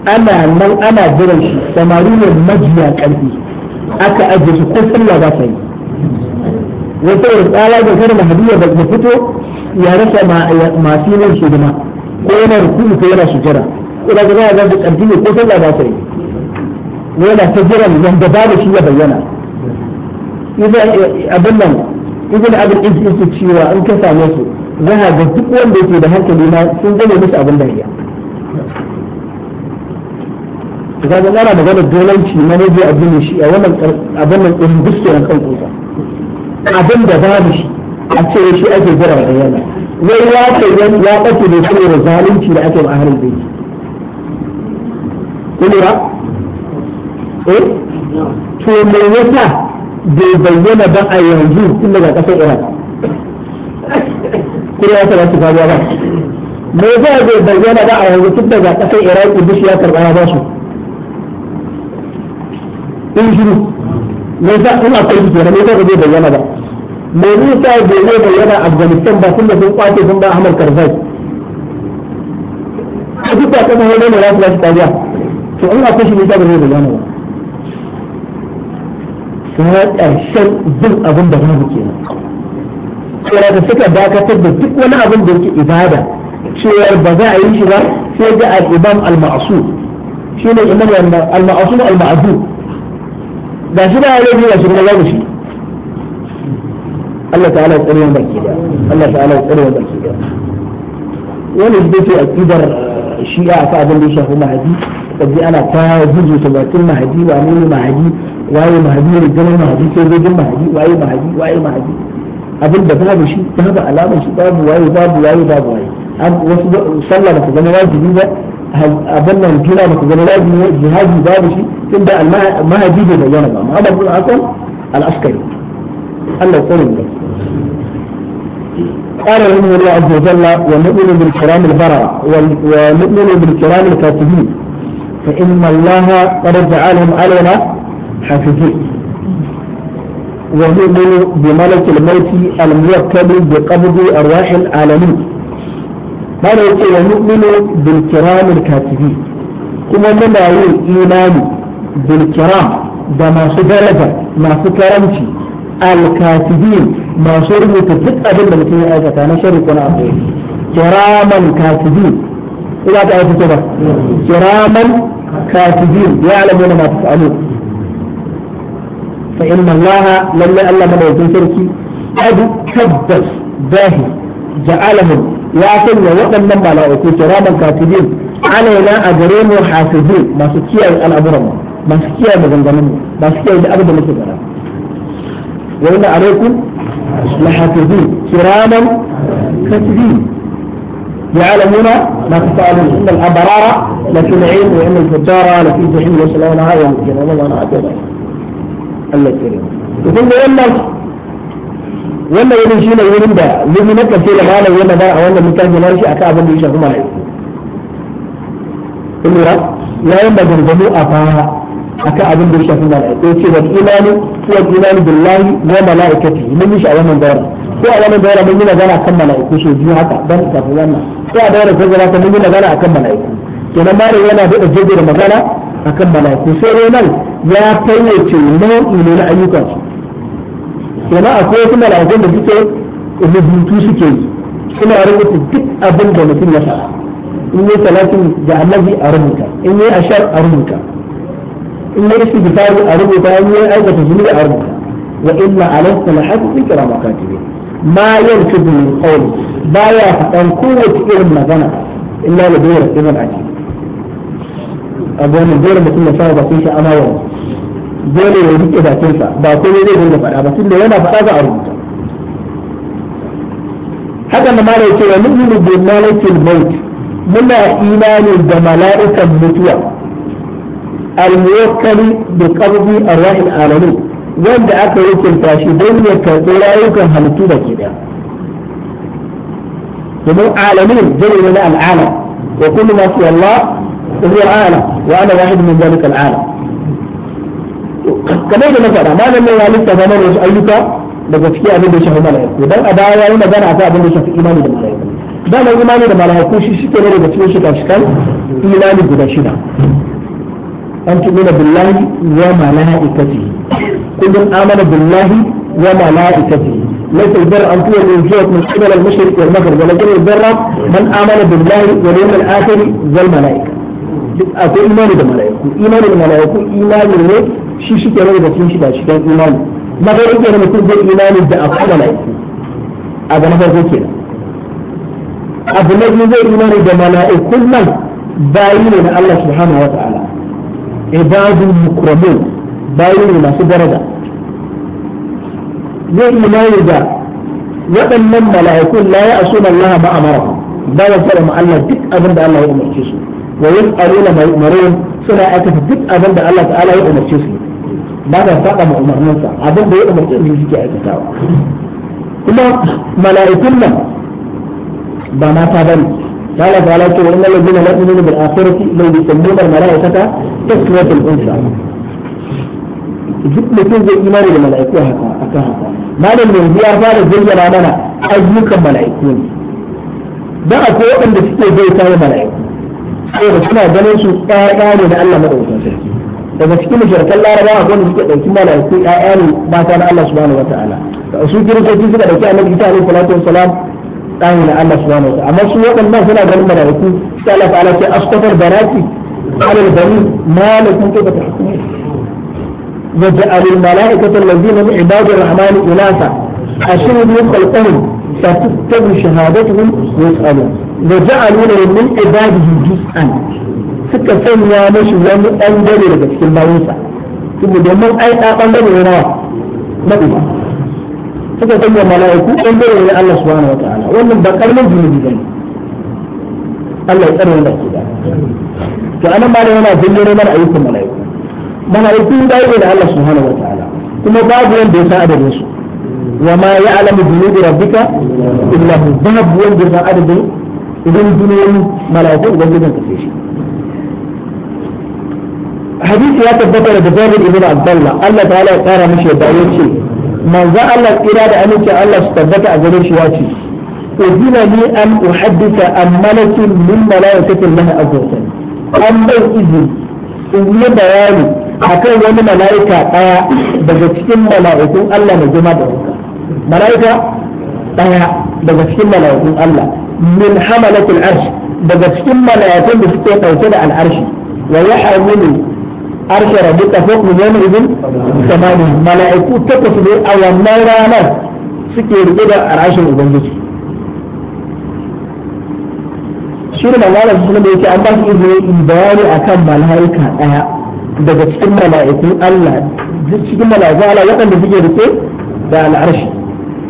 ana nan ana jiran shi samari ne majiya ƙarfi aka ajiye shi ko sallah ba ta yi wata yau tsara da kar mahadiyya da ta fito ya rasa masu yin shugaba ko yana rukuku ko yana sujjara ina ga za a ga ƙarfi ne ko sallah ba ta yi yana ta jiran wanda babu shi ya bayyana idan abin nan ibn abin iz yake cewa in ka same su za a ga duk wanda yake da hankali na sun gane musu abin da ya ga ga ana magana dolanci manaje abin shi a wannan abin nan din duk kenan kan kusa abin da babu shi a ce shi ake jira da yana wai ya ce ya kace ne saboda zalunci da ake ba a ahlul bayt kuma eh to me yasa bai bayyana ba a yanzu tun daga kasar Iran kuma ya tsara faruwa ba me yasa bai bayyana ba a yanzu tun daga kasar Iraki bishi ya karɓa ya ba su in shiru me yasa ina kai kenan me yasa bai bayyana ba me yasa bai zai bayyana Afghanistan ba tun da sun kwace sun ba Ahmad Karzai a duk da kuma wani ne za su ba su kariya to in akwai shi ne ta bai bayyana ba kuma ƙarshen bin abin da babu kenan kira da suka dakatar da duk wani abin da yake ibada cewar ba za a yi shi ba sai ga al-imam al-ma'su shi ne imam al-ma'su al-ma'du da shi ba ya yi da shi ba za shi Allah ta'ala ya tsare mu baki da Allah ta'ala ya tsare mu baki da wani da ke akidar shi'a ta abin da ya shafi mahadi kaji ana ta gudu sabatin mahadi ba nuni mahadi waye mahadi rundunar mahadi sojojin mahadi waye mahadi waye mahadi abin da babu shi babu alamar shi babu waye babu waye babu waye wasu sallah ba ta zama wajibi ba abin nan juna ba ta zama wajibi ba jihadi babu shi tun da mahadi bai bayyana ba muhammad bin hasan al-askari Allah ya tsare mu قال رحمه الله عز وجل ونؤمن بالكرام البررة ونؤمن بالكرام الكاتبين فإن الله قد جعلهم علينا حقيقي ويؤمن بملك الموت الموكل بقبض ارواح العالمين ما نقول ويؤمن بالكرام الكاتبين كما من ايمان بالكرام بما سبلك ما سكرمت الكاتبين ما سرموا تفتح بل لكي ايضا انا كراما كاتبين الكاتبين ولا تعرفوا كرام الكاتبين يعلمون ما تفعلون فإن الله لم يألم من تركي قد كبس باهي جعلهم يا سنة وقم لما لا كراما كاتبين علينا أجرين وحافظين ما سكيا الأمر ما سكيا مغنغنم ما سكيا الأبد مثل وإن عليكم لحافظين كراما كاتبين يعلمون ما تفعلون إن الأبرار لفي نعيم وإن الفجار لفي جحيم وسلام على يوم الله والله Allah tsare to kun ga wannan wannan wurin shi ne wurin da yumi na karshe da malam yana ba a wannan mutane na shi akan abin da ya shafi mala'iku kun lura yayin da gargado a fara akan abin da ya shafi mala'iku ya ce wa imani wa imani billahi wa mala'ikatihi mun yi shi a wannan daura ko a wannan daura mun yi magana akan mala'iku so biyu haka dan kafin wannan ko a daura ko gara mun yi magana akan mala'iku kenan malam yana da jaddada magana akan mala'iku sai dai nan ya fayyace nau'i ne na ayyukan su kenan akwai wasu mala'ikun da suke rubutu suke yi suna rubuta duk abin da mutum ya faɗa in yi salatin da annabi a rubuta in yi ashar a rubuta in yi rashin a rubuta in yi aikata zunubi a rubuta wa inna alayka la hadithu kira makatibi ma yanfidu min qawli baya faɗan kowace irin magana illa la dole ibn ajib a wannan dole mutum ya sa bakin shi amawa dole ya rike bakinsa ba komai zai dinga faɗa ba tunda yana faɗa za a rubuta haka na mara yake wa nu'minu bi malakil maut muna imanin da mala'ikan mutuwa al-muwakkali bi qabdi arwahil alamin wanda aka hukunta shi don ya karɓi rayukan halittu da ke daya domin alamin jami'in na al'alam wa kullu ma fi Allah وهو عالم وأنا واحد من ذلك العالم kamar da na faɗa malam ya lissafa mana wasu ayyuka daga cikin abin da ya shafi mala'iku dan a baya yayi magana akan abin da ya shafi imani da mala'iku dama imani da mala'iku shi shi ne daga cikin shika-shikan imani guda shida an tuɓi na billahi wa mala'ikati kullum amana billahi wa mala'ikati ليس البر أن تولي وجوهك من قبل المشرق والمغرب ولكن البر من آمن بالله واليوم الآخر والملائكة duk akwai imani da mala'iku imani da mala'iku imani ne shi shi kenan da cikin shi da cikin imani na farko kenan mutum zai imani da akwai mala'iku abu na farko kenan abu na biyu zai imani da mala'ikun nan bayi ne na Allah subhanahu wa ta'ala ibadul mukramun bayi ne masu daraja zai imani da waɗannan mala'ikun la ya asuna Allah ma amara ba ya fara ma Allah duk abin da Allah ya umarce su wa yas'aluna ma yu'marun suna aikata duk abin da Allah ta'ala ya umarce su ba ta saba ma umarninsa abin da ya umarce su suke aikatawa kuma mala'ikun nan ba mata bane قال da إن الذين لا يؤمنون بالآخرة لو يسمون الملائكة تسوية الأنثى duk mutum zai imani da mala'iku haka akan haka malam yanzu ya fara zayyana mana ayyukan mala'iku ne dan akwai waɗanda suke bauta wa mala'iku saboda suna ganin su ƴaƴa ne na Allah madaukakin sarki daga cikin mushrikan larabawa wanda suke dauki malaiku ƴaƴa ne mata na Allah subhanahu wataala su kiristoci suka dauki annabi Isa alaihi salatu wassalam ɗan na Allah subhanahu wataala amma su waɗannan suna ganin malaiku sai Allah ta'ala ce astafar barati alal bani malakum kayfa tahkumun وجعل الملائكة الذين من عباد الرحمن إناثا أشهدوا خلقهم فتكتب شهادتهم ويسألون da ja'aluna min ibadihi juz'an suka sanya mashi wani bangare daga cikin bayansa kuma domin ai da bangare ne nawa na suka sanya mala'iku bangare ne Allah subhanahu wataala wannan ba karamin zunubi bane Allah ya tsare da to anan ma da yana dindore mana ayyukan mala'iku mala'iku dai ne da Allah subhanahu wataala kuma babu wanda ya san adadin su وما يعلم جنود ربك إلا هو باب وين عدد idan duniyoyi mala'iku ubangijin ka sai shi hadisi ya tabbata da Jabir ibn Abdullah Allah ta'ala ya tsara mishi yadda yace manzo Allah kira da aminci Allah su tabbata a gare shi yace udina ni an uhaddisa an malakin min malaikatin lahi azza an bai izini in yi bayani akan wani mala'ika daya daga cikin mala'ikun Allah na jima da wanka mala'ika daya daga cikin mala'ikun Allah min hamalatul arsh daga cikin malayatun da suke dauke da al'arshi wa yahmilu arsha rabbika fawqa yawmi idin samani malaiku takwas ne a wannan ranar suke rike da al'arshin ubangiji shi ne malalar su da yake an ba su izini bayani akan malaika daya daga cikin malaikun Allah cikin malaikun Allah waɗanda suke da al'arshi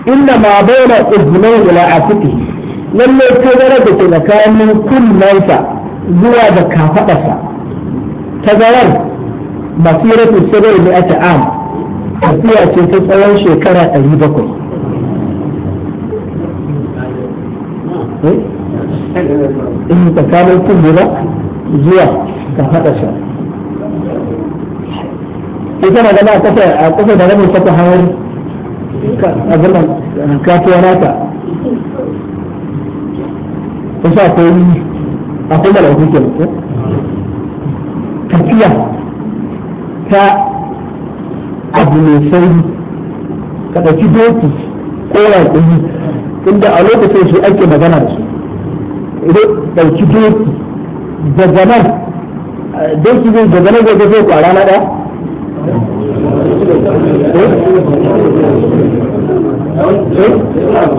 inna ma bayna ibnai lalle tazarar da ke tsakanin kunnensa zuwa da kafaɗarsa tazarar masiratu sabar mai ata am tafiya ce ta tsawon shekara ɗari bakwai in tsakanin kunne ba zuwa kafaɗarsa ita na gana a ƙasa da rabin sata hawar a zaman kasuwa nata wasu akwai akwai mala'iku ke ko tafiya ta abu mai sauri ka ɗauki doki ko raƙumi inda a lokacin su ake magana da su idan ɗauki doki daga nan doki zai daga nan zai zai kwara na ɗaya eh? Eh?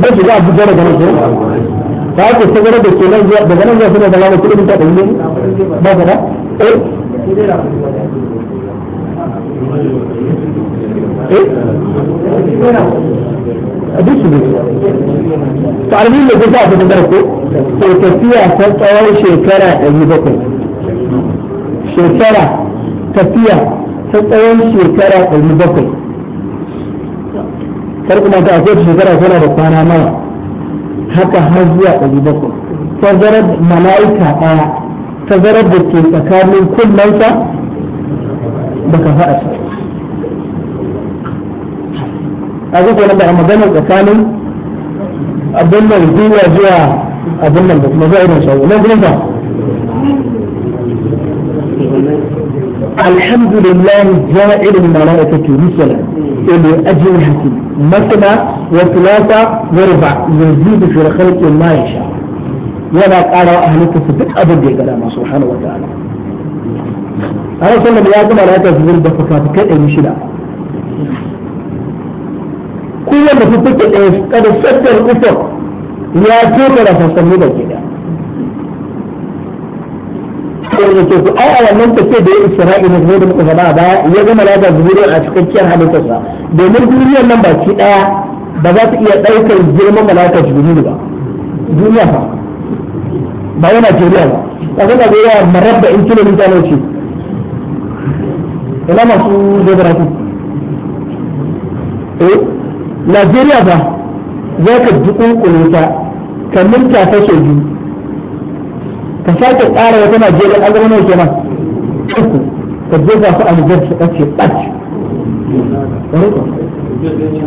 ba su za a buga daga nan ba ku sabar da ke nan daga nan zuwa suna da lamu kuɗin ta eh? Eh? ne ba ka da eh hadisi ne tarihi da kusa a fitar ko ko tafiya ta tsawon shekara ɗari bakwai shekara tafiya ta tsawon shekara ɗari bakwai kar kuma ta akwai shekara tana da kwana nawa haka har zuwa ɗari bakwai tazarar mala'ika ɗaya tazarar da ke tsakanin kullanta da ka faɗa ta a zai kwanan da a maganar tsakanin abin nan zuwa zuwa abin nan da kuma za'irin shawo na gudun ba alhamdulillah ja'ilin mala'ikatu rusula إلي أجل الحكيم مثلا وثلاثة وربع يزيد في الخلق ما يشاء ولا قال أهلك أبد أبدا كلام سبحانه وتعالى أنا صلى الله عليه وسلم لا تزول بفكاتك أي شيء كل ما فتك قد ستر الأفق يا كيف لا تصلي بك sai ya ai a wannan tafiya da ya isra'i ne da muka ba ya gama lada zuriyar a cikakkiyar halittarsa domin nan baki ba za ta iya ɗaukar girman malaka jibrilu ba duniya ba yana da ga eh, Najeriya ba za ka dukunkule ta kamar ta ka sake tsara wata najeriya an zama nawa kenan ka jefa su a nijar su kace ɓac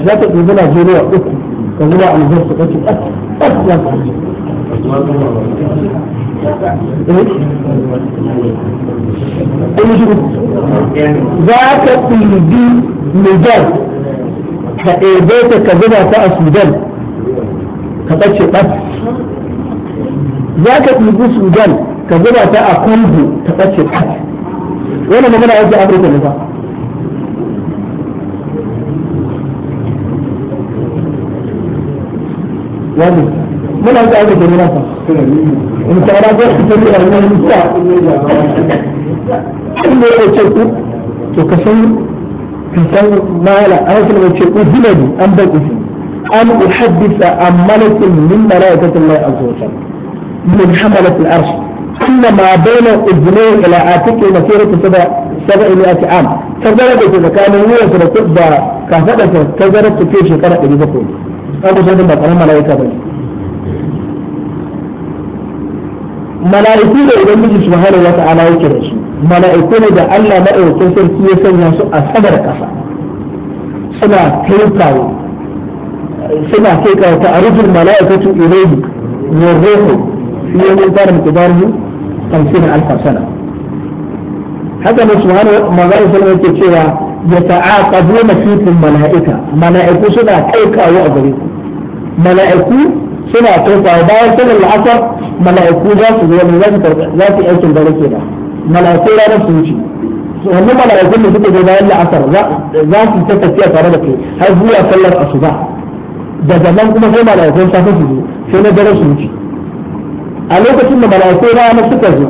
za ka ɗebi najeriya uku ka zuba a nijar su kace ɓac ɓac za ka eh? za ka ɗibi nijar ka ɗebe ka zuba ta a sudan ka ɓace ɓac za ka ɗibi sudan ka zuba ta a kwambu ta ɓace kat wannan magana yake afirka ne ba wani muna yake afirka ne ba in tsara ga su tafi a nan nisa in da ya ce ku to ka san ka san mala an sanar ce ku hinani an bai ku an uhaddisa an malakin min malaikatin lai azza wa jalla منحملة العرش أن ما بين أذنيه إلى عاتقه مسيرة سبع سبع مئة عام تزرد إذا كان هو سنتب كافته تزرد في شكرة إلى بطول أبو سعد ما قال ملائكة بني ملائكة إذا نجي سبحانه وتعالى يكره شيء ملائكة إذا ألا ما يوكسر كي يسمى أصبر كفا سنة كيكاو سنة كيكاو تعرف الملائكة إليه والروح في يوم كان مقداره خمسين ألف سنة haka ne subhanahu magana sallama yake cewa yata'aqabuna fikum mala'ika mala'iku suna kai kawo a gare ku mala'iku suna kai kawo bayan sallar la'asar mala'iku za su zo ne za su wannan mala'ikun da suka zo bayan la'asar za su ta tafiya tare da kai har zuwa sallar asuba daga nan kuma sai mala'ikun safe su zo sai na dare su wuce a lokacin da mala'iku rana suka zo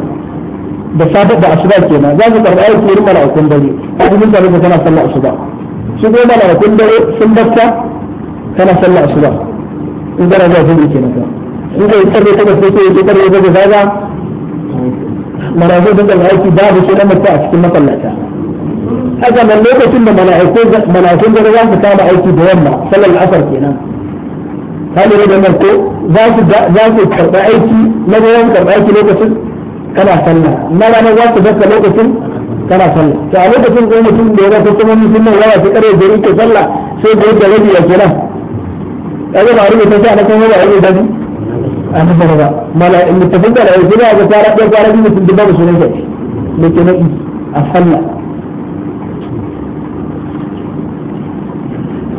da safe da asuba kenan za su karɓi aiki wurin mala'ikun dare a cikin da tana sallar asuba su ko mala'ikun dare sun barta tana sallar asuba in gara zuwa jini kenan ka in ga karfe takwas sai ke yi karfe gaba zaga mala'iku sun karɓi aiki babu sunan mutum a cikin masallata haka nan lokacin da mala'ikun dare za su kama aiki da yamma sallar asar kenan ka da nan ko za su za su aiki na bayan karba aiki lokacin kana sallah na ranar za su daka lokacin kana sallah to a lokacin ko mutum da ya rasa kuma mutum ne yawa sai kare da ke sallah sai da yake rabi ya ya kaga ba rubuta sai na kuma ba da shi a nan ba mala in mutafin da ya sai ga tsara da tsara da mutum da ba su ne ke ne a sallah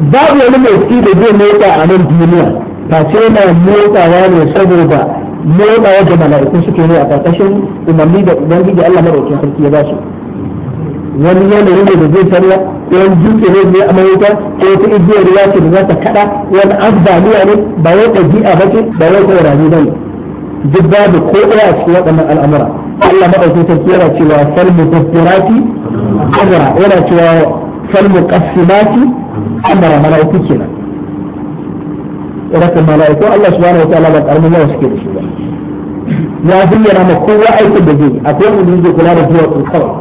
babu wani mai ci da zai motsa a nan duniya ba ce na motsawa ne saboda motsawa da mala'iku suke ne a ƙarƙashin umarni da da Allah madaukakin sarki ya ba su wani yanayi ne da zai sarwa wani dutse ne zai amurka ko wata igiyar ruwa ce da za ta kaɗa wani ambaliya ne ba wai ɗabi'a ba ce ba wai tsorani ba ne duk babu ko ɗaya a cikin waɗannan al'amura Allah madaukakin sarki yana cewa falmu kafirati azra yana cewa Salmu kafirati kaddara mala'iku kenan rakin mala'iku Allah subhanahu wataala ba karamin yawa suke da shi ba ya bayyana ma kowa aikin da zai akwai wanda yake kula da zuwa kawai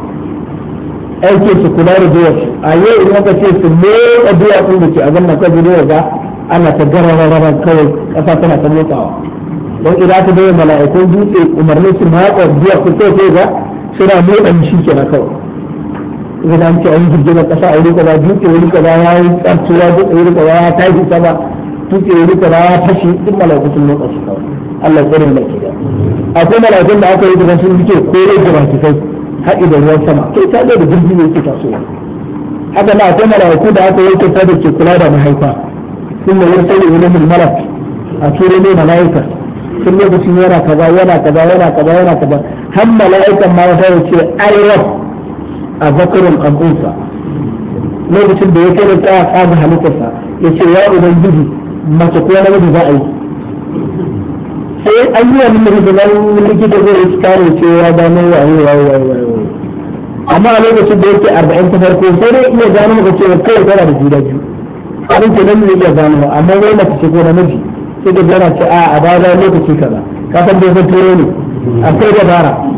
aikin su kula da zuwa a yau in aka ce su motsa duwatsu da ke a zanna kawai zuwa ga ana ta gararararar kawai kasa tana ta motsawa don idan aka bayyana mala'ikun dutse umarnin su ma ya kawai duwatsu kawai ga suna motsa shi kenan kawai idan an ce an yi jirgin kasa a wuri kaza dutse wuri kaza ya yi tsartuwa dutse wuri kaza ya tashi sama dutse wuri kaza ya fashe duk mala'iku sun motsa shi kawai Allah tsirin da ke da akwai mala'ikun da aka yi da sun suke kore jirakitai haɗi da ruwan sama kai ta da jirgin ne ke tasowa haka na akwai mala'iku da aka yi kyauta da ke kula da mahaifa sun da wani sauyi wani mulmalak a turo ne mala'ika sun lokacin yana kaza yana kaza yana kaza yana kaza har mala'ikan ma ya ce ai a zakarun al'unsa lokacin da ya kai da tsaya tsaga halittarsa ya ce ya ubangiji mace ko namiji za a yi sai an yi wani mahimmanu likita zai yi kare cewa gano wa yi wa wa wa amma a lokacin da ya yake arba'in ta farko sai dai iya gano maka cewa kawai tana da juna biyu abin ke nan ne iya gano amma wai mace ce ko namiji sai da gana ce a a baya lokaci kaza kafin da ya san turo ne akwai bara.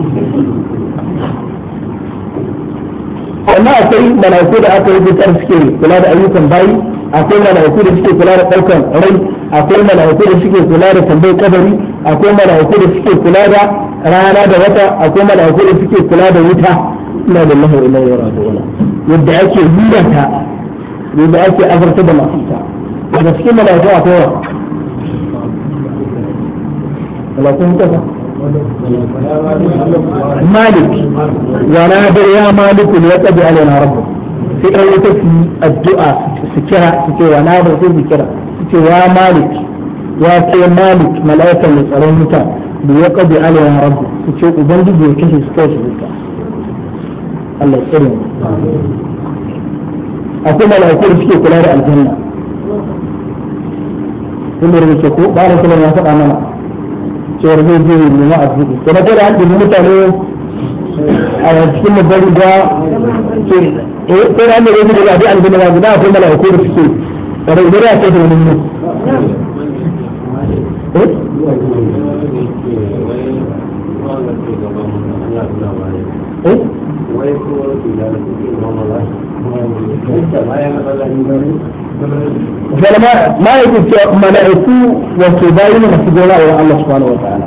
amma akwai malaiku da aka yi bidar suke kula da ayyukan bayi akwai malaiku da suke kula da ɗaukan rai akwai malaiku da suke kula da tambayar kabari akwai malaiku da suke kula da rana da wata akwai malaiku da suke kula da wuta ina da lahu ina ya rajuwa yadda ake yuranta yadda ake azarta da masu ita daga cikin malaiku akwai wa malaiku mutaka malik wa nadar ya maliku ne ya tsabi alaina rabbu sai ɗan wata su addu'a su kira su ce wa nadar sai su kira su ce wa malik ya kai malik mala'ikan da tsaron wuta da ya tsabi alaina rabbu su ce ubangiji ya kashe suke kula da ya faɗa mana cewar zai je ne ma a cikin kuma ko da hankali mutane a cikin mabari da ke eh ko da hankali zai da bi aljanna ba guda akwai mala'iku da suke kada idan ya ce da wani ne eh eh wai ko da zalama ma yake cewa mala'iku wato bayi ne masu gona wa Allah subhanahu wa ta'ala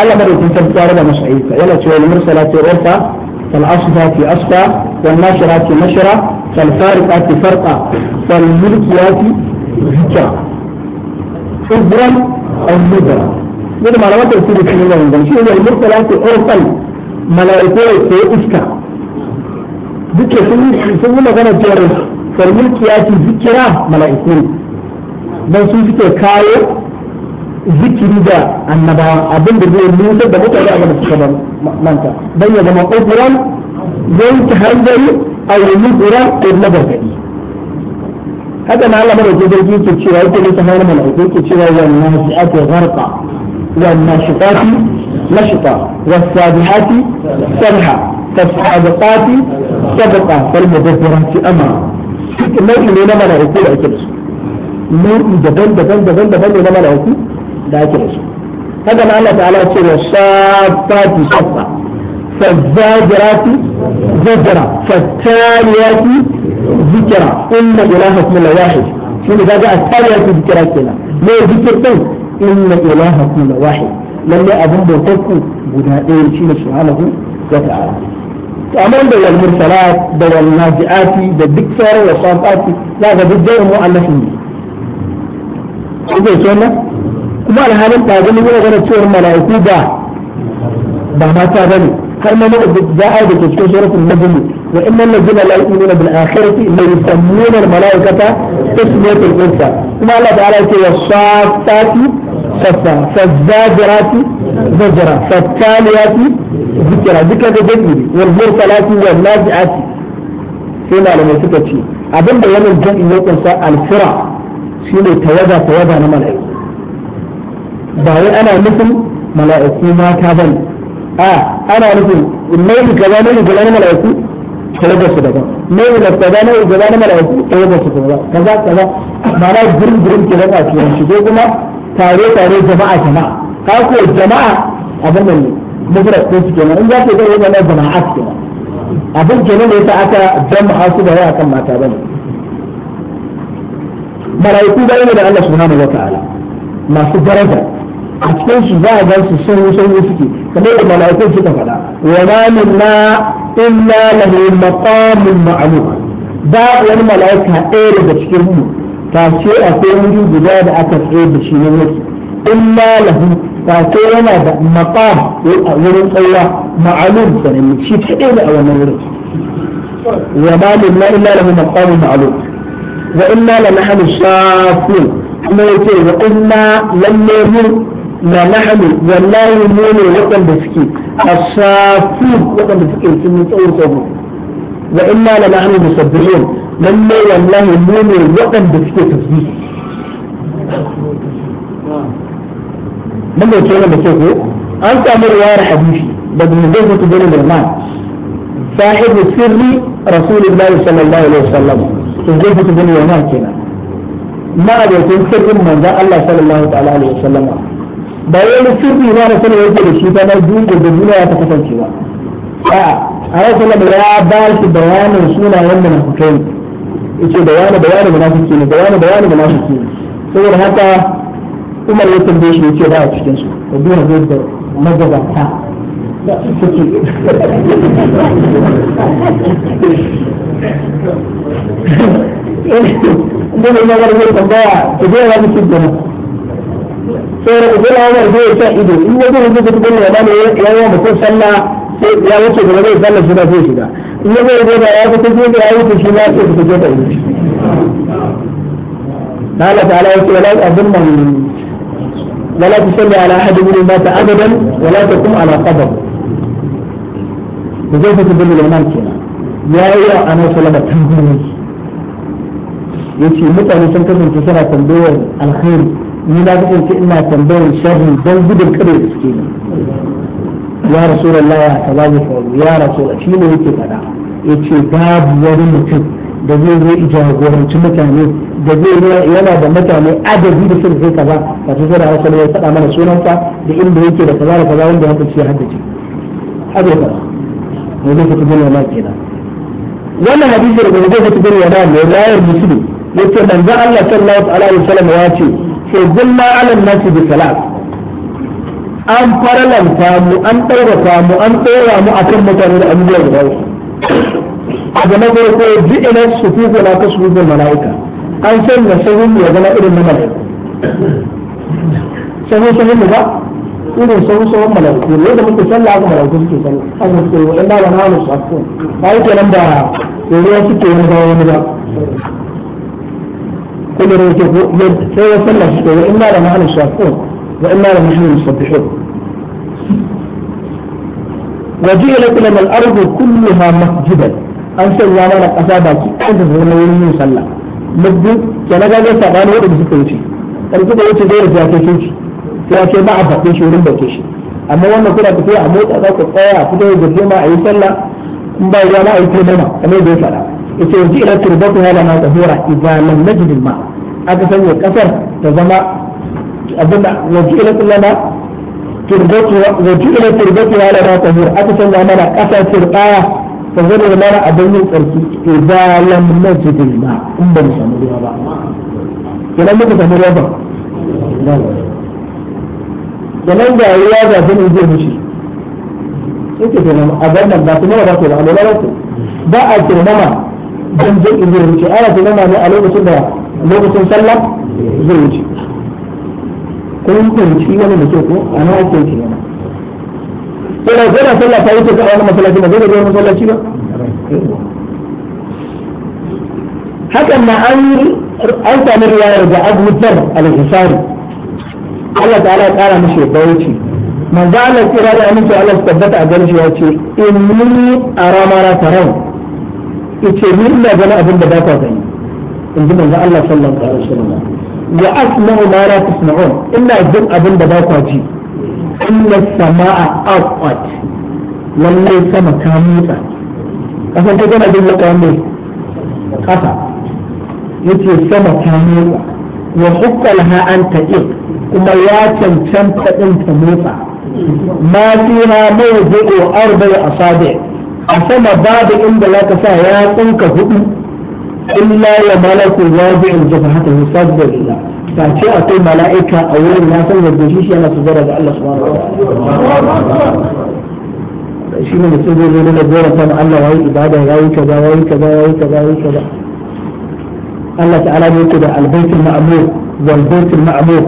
Allah madaukin sarki ya raba masu ayyuka yana cewa al mursalati urfa fal asfati asfa wal nashirati nashra fal fariqati farqa fal mulkiyati zikra kubran aw mudra ne da malaman tafsiri sun yi wannan shi ne al mursalati urfan mala'iku sai iska duke sun yi magana cewa falmulki ya ce zikira mala'iku don su suke kawo zikiri da annabawa abin da zai nusar da mutane abin da suka manta don ya zama ƙofuran yanke hanzari a yanzu ƙuran a yi mabarkaɗi haka na alamar da jirgi yake cewa yake nisa hanyar mala'iku yake cewa wannan shi ake garka wannan shiƙafi nashiƙa wasabihati sarha فالسابقات سبقا فالمدبرات أمرا cikin nau'i ne na mala'iku da ake da su nau'i daban daban daban daban ne na mala'iku da ake da su haka na Allah ta'ala ce wa safati safa fazzajirati zajra fattaliyati zikra inna ilahakum la wahid shine kaga attaliyati zikra kenan me zikir din inna ilahakum la wahid lalle abun bautar ku guda ɗaya shine subhanahu wa ta'ala كمان ده المرسلات ده الناجئات ده الدكتور والصافات لا ده بده مؤلف مين كده كده كما على حال انت عايزني اقول غير صور ملائكه ده ده ما تعبني هل ما نقول ده عايز تشوف صوره النجم وان الذين لا يؤمنون بالاخره لا يسمون الملائكه تسميه الانثى كما الله تعالى يقول الصافات فالزاجرات زجرا فالتاليات ذكرا ذكر ذكر والمرسلات والنازعات سيما لما سكتشي abin da wannan jam'i ya kunsa alfira shine tawada tawada na mala'iku ba wai ana nufin mala'iku mata bane a ana nufin nau'i kaza nau'i gaba na mala'iku tawaga su daban nau'i da kaza nau'i kaza na mala'iku tawaga su daban kaza kaza ma'ana gurin gurin ke daga turanci ko kuma tare tare jama'a jama'a ka ko jama'a abin nan ne mufrad ko cike nan in za ka ga yana jama'a cike abin kenan ne ta aka jama'a su da yawa kan mata ba bane malaiku da yana da Allah subhanahu wataala masu daraja a cikin su za a ga su sun sun suke kamar da malaiku suka faɗa wa ma minna illa lahu maqamun ma'lum ba wani malaika ɗaya daga cikin mu ta ce akwai wuri guda da aka tsaye da shi ne yake إلا له فاتو أنا ذا مقام يقول الله معلوم فنمي شي تحيل أو نور وما لنا إلا له مقام معلوم وإنا لنحن الشافون حما يتوي وإنا لن نمر لنحن والله يمون وقم بسكين الشافون وقم بسكي سمي تقول صبو وإنا لنحن المصبرون لن نمر والله يمون وقم بسكي تسبيح mun da kenan da ke ko an samu riwayar hadisi daga Muzaffar bin Umar sahibu sirri Rasulullah sallallahu alaihi wasallam Muzaffar bin Umar kenan ma da kun sirrin manzon Allah sallallahu ta'ala alaihi wasallam ba wani sirri na Rasulullah yake da shi ba na duniya da duniya ta kasance ba a'a a Rasulullah ya ba shi bayanin sunayen munafikai yace da wani da wani munafiki ne da wani da wani munafiki saboda haka umar ya tambaye shi yake ba a cikin su da duwa zai da magabata inda ne ne tambaya ta zai wani cikin gana sai da kuma zai sha ido in ya ya ne ya yi mutum sallah ya wuce gaba zai sallah shi ba zai shiga in ya da ya ya wuce shi ma sai Allah ta'ala abin ولا تصلي على أحد منهم مات أبدا ولا تقوم على قبر وزيفة بن الإمام كنا يا أيها أنا سلمة تنبيه yace mutane sun kasance suna tambayar alkhairi ni na kasance ina tambayar sharri don gudun kada da suke ni ya rasulullah ya kaza ya faru ya rasul shi ne yake fada yace babu wani mutum da zai zo jagoranci mutane da zai yana da mutane adadi da sun zai kaza ba ta zara hausa ne ya faɗa mana sunanta da inda yake da kaza da kaza wanda ya kace haddace haka ya faɗa ne zai fita bin yana kenan wannan hadisi da zai fita bin yana ne rayar musulmi yace manzo Allah sallallahu alaihi wasallam ya ce sai gunna alal nasi bi salat an faralanta mu an ɗaura mu an dora mu akan mutane da abubuwan da abu na farko ji'ilar su fi na ta su mala'ika an sanya sahun ya zama irin na mala'iku sahun sahun ba irin sahun sahun mala'iku ne da muke sallah aka mala'iku suke sallah aka suke wa inda ba na wani safon ba yake nan ba ruwa suke wani ba wani ba كل رجل هو صلى وإنا لنحن الشافعون وإنا لنحن المسبحون وجعلت لنا الأرض كلها مسجدا an sanya mana ƙasa baki kan da zama wurin yin sallah muddin ke na gane sabani wadda suka wuce ƙarfi da wuce dole sai ake kinci sai ake ba a faɗin shi wurin bauke shi amma wannan kuna tafiya a motsa za ku tsaya a fito da girma a yi sallah in ba ruwa na a yi taimama kamar da ya faɗa ita yanzu ila turbatu hala na tahura idan lam najid ma aka sanya kasar ta zama abinda yanzu ila kullana turbatu wa turbatu hala na tahura aka sanya mana kasar turbaya ka zama mara abin yin tsarki idan lam najid ma in ba mu samu ruwa ba idan muka samu ruwa ba kenan da ruwa ga sun zai mishi sai ke kenan abin nan ba su mara ba su ba alwala ba su ba a kirmama dan zai zai wuce ana kirmama ne a lokacin da lokacin sallah zai wuce kun fahimci wani da ke a ana ake kirmama yana yana sallah ta yi ta wani masallaci ba zai ga wani masallaci ba hakan ma an an samu riwayar da abubuwan al-Ghifari Allah ta'ala ya kara mishi bauchi manzo Allah kira da aminci Allah tabbata a garji ya ce inni arama la tarau yace ni ina gani abin da ba ka gani in ji manzo Allah sallallahu alaihi wasallam wa asma'u ma la tasma'un ina jin abin da ba ka ji inda sama'a awqat lallai sama ta motsa kasan ta gana jin maka wanda kasa yace sama ta motsa wa hukkal ha an taqi kuma ya cancanta din ta motsa ma fiha mawdu'u arba'i asabi' a sama babu inda za zaka sa ya tsinka hudu illa ya malaku haka jabhatahu sabbillah face akwai mala'ika a wurin ya san da shi yana sujada ga Allah subhanahu wa shi ne mutum zai zo da gora kan Allah yayi ibada yayi kaza yayi kaza yayi kaza yayi kaza Allah ta'ala ne yake da albaitul ma'mur wal baitul ma'mur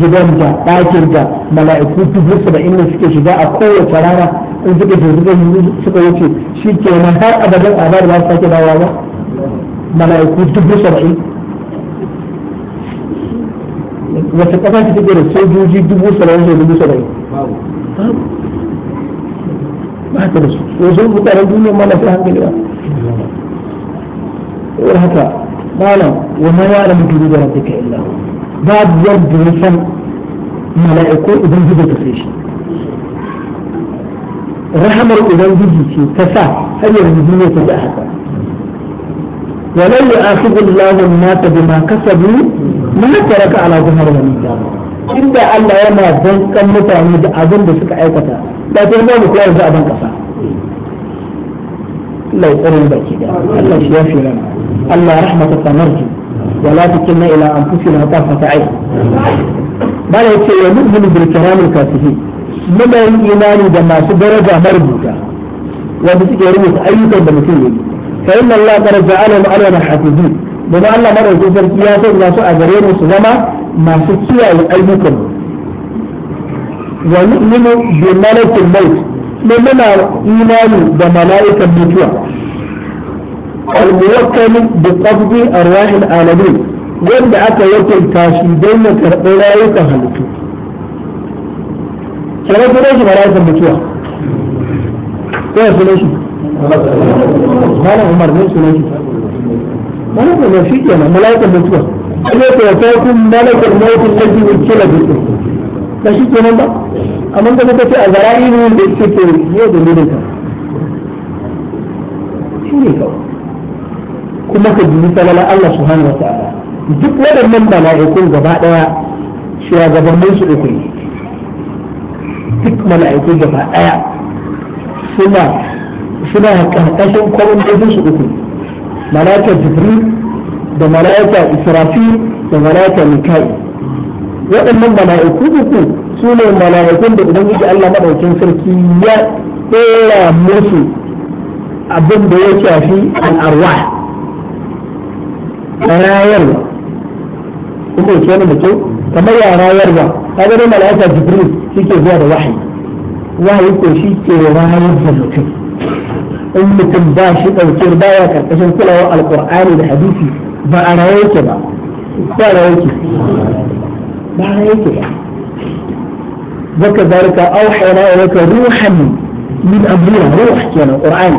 gidan da ɗakin da mala'iku dubu saba'in ne suke shiga a kowace rana in suka je suka suka wuce shi kenan har abadan abar ba su sake dawowa ba mala'iku dubu saba'in wata kasa ta take da sojoji dubu saba'in da dubu saba'in ba ta da su yanzu mutanen duniya ma na fi hankali ba wai haka malam wa ma ya alamu dubu da rabbika illa babu yadda ya san mala'iku idan zuba ta sai shi rahamar ubangiji ce ta sa har yanzu duniya ta ji a haka ولن يؤاخذ الله الناس بما كسبوا mun ka ala gumar wani inda Allah yana kan mutane da abin da suka aikata da ta ba mu koyar da abin kasa Allah ya tsare baki da Allah shi ya fi rana Allah rahmataka narju ولا تكلنا إلى أنفسنا طرفة mun بل يؤمن بالكرام الكاتبين muna yin imani da masu daraja marubuta wanda suke rubuta ayyukan da mutum yi fa inna Allah qad ja'ala al-alama hafizin domin Allah madaukakin sarki ya sanya su a gare mu su zama masu kiyaye ayyukan wa nu'minu bi malakil maut ne muna imani da mala'ikan mutuwa al-muwakkal bi qabdi arwahil alamin wanda aka wakilta shi don ya karɓi rayukan halittu kira sunan shi mala'ikan mutuwa ko ya sunan shi malam umar ne sunan shi malakul ne shi mutuwa kuma ta yata kun malakul mautin ba shi kenan ba amma da kuka a zarari ne da yake ke da ne ka shi ne kawai kuma ka salala Allah subhanahu wa ta'ala duk gaba su uku ne duk mala'iku gaba ɗaya suna suna su uku ne malaka jibril da malaka israfil da malaka mika'i waɗannan mala'iku uku su ne mala'ikun da idan yake Allah madaukin sarki ya tsera musu abin da ya shafi al'arwa rayarwa kuma ya kenan da kyau kamar ya rayarwa kaga dai mala'ika jibril suke ke zuwa da wahayi wahayi ko shi ke rayar da mutum in mutum ba shi ɗauke baya karkashin kulawar alkur'ani da hadisi ba a raye yake ba ba a yake ba a yake ba وكذلك أوحينا إليك روحا من أمرنا روح كان القرآن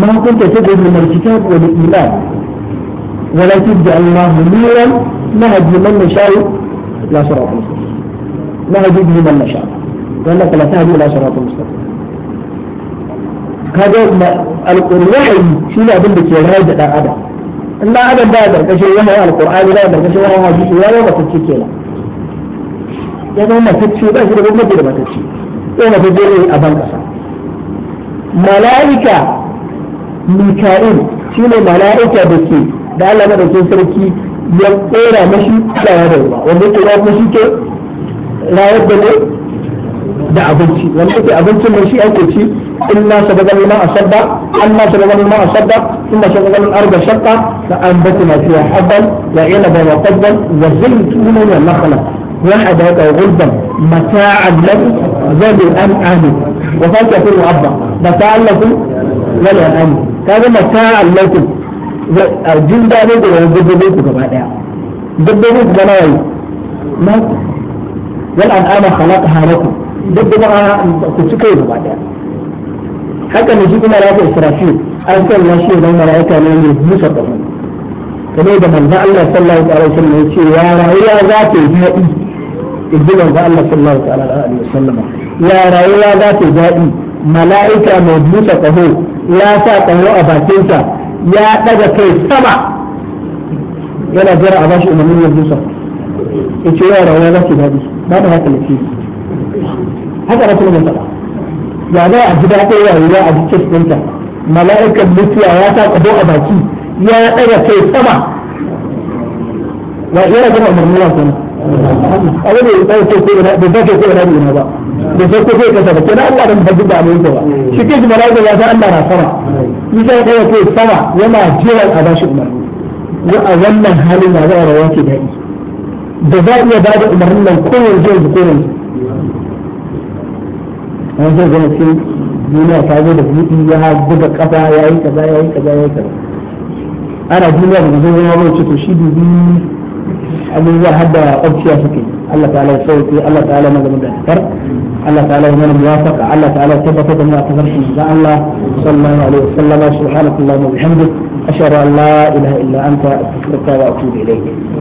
ما كنت تدري من الكتاب والإيمان ولا تبدع الله نورا نهدي من نشاء لا صراط مستقيم نهدي به من نشاء وإنك لا تهدي إلى صراط مستقيم kaga alƙur'ani shi ne abin da ke rayar da ɗan adam in ɗan adam ba ƙarƙashin wahayin alƙur'ani ba ƙarƙashin wahayin hadisi ya zama matacce kenan ya zama matacce ba shi da gwamnati da matacce ya mata dole a ban ƙasa mala'ika mika'il shi ne mala'ika da ke da Allah madaukin sarki ya ƙora mashi tsayawa da ruwa wanda ke rayar mashi ke rayar da ne da abinci wanda yake abincin mai shi ake ci inna sabagani ma asadda anna sabagani ma asadda inna sabagani arda shaqqa fa anbatna fiha habban wa inaba wa qadban wa zaytuna wa nakhla وحدك وغلبا متاعا لكم وللأنعام وفاكهة وأبا متاعا لكم وللأنعام هذا متاعا لكم jin daɗi da wani dabbobi ku gaba ɗaya dabbobi ku gana yayi na wal an'ama khalaqaha lakum duk jama'a ku ci kai gaba daya haka ne shi kuma lafi israfil an san ya shi idan malaika ne mai musa da kamar da manzo Allah sallallahu alaihi wasallam ya ce ya rayuwa za ta yi daɗi idan manzo Allah sallallahu alaihi wasallam ya rayuwa za ta yi daɗi mala'ika mai musa kaho ya sa kaho a bakinsa ya daga kai sama yana jira a bashi umarnin ya musa ya ce ya rayuwa za ta yi daɗi ba da haka lafiya haka rasulun ya faɗa ya za a ji daɗin rayuwa a jikin ɗinka mala'ikan mutuwa ya sa ƙabo a baki ya ɗaga kai sama wa yana gama umarni wa kenan abin da ya tsaye ko ko ina bai zake ko ina bai ina ba da sai ko kai kasa ba kenan Allah dan bazzu da amin ba shi ke jima lafiya ya san Allah na sama isa ya kai kai sama yana jiran a bashi umarni wa a wannan halin na zai rawa ke dadi da za iya bada umarnin nan ko yanzu yanzu ko yanzu wani zai gane cikin duniya ta zo da buɗi ya buga kafa ya yi kaza ya yi kaza ya yi kaza ana duniya da zai zama mai ciki shi dubi abubuwa har da ƙwanciya suke Allah ta'ala ya sauke Allah ta'ala na da Allah ta'ala ya mana muwafaka Allah ta'ala ya tabbatar da mu a kafar shi da Allah sallallahu alaihi wasallam subhanahu wa ta'ala wa bihamdihi ashhadu an la ilaha illa anta astaghfiruka wa atubu ilayk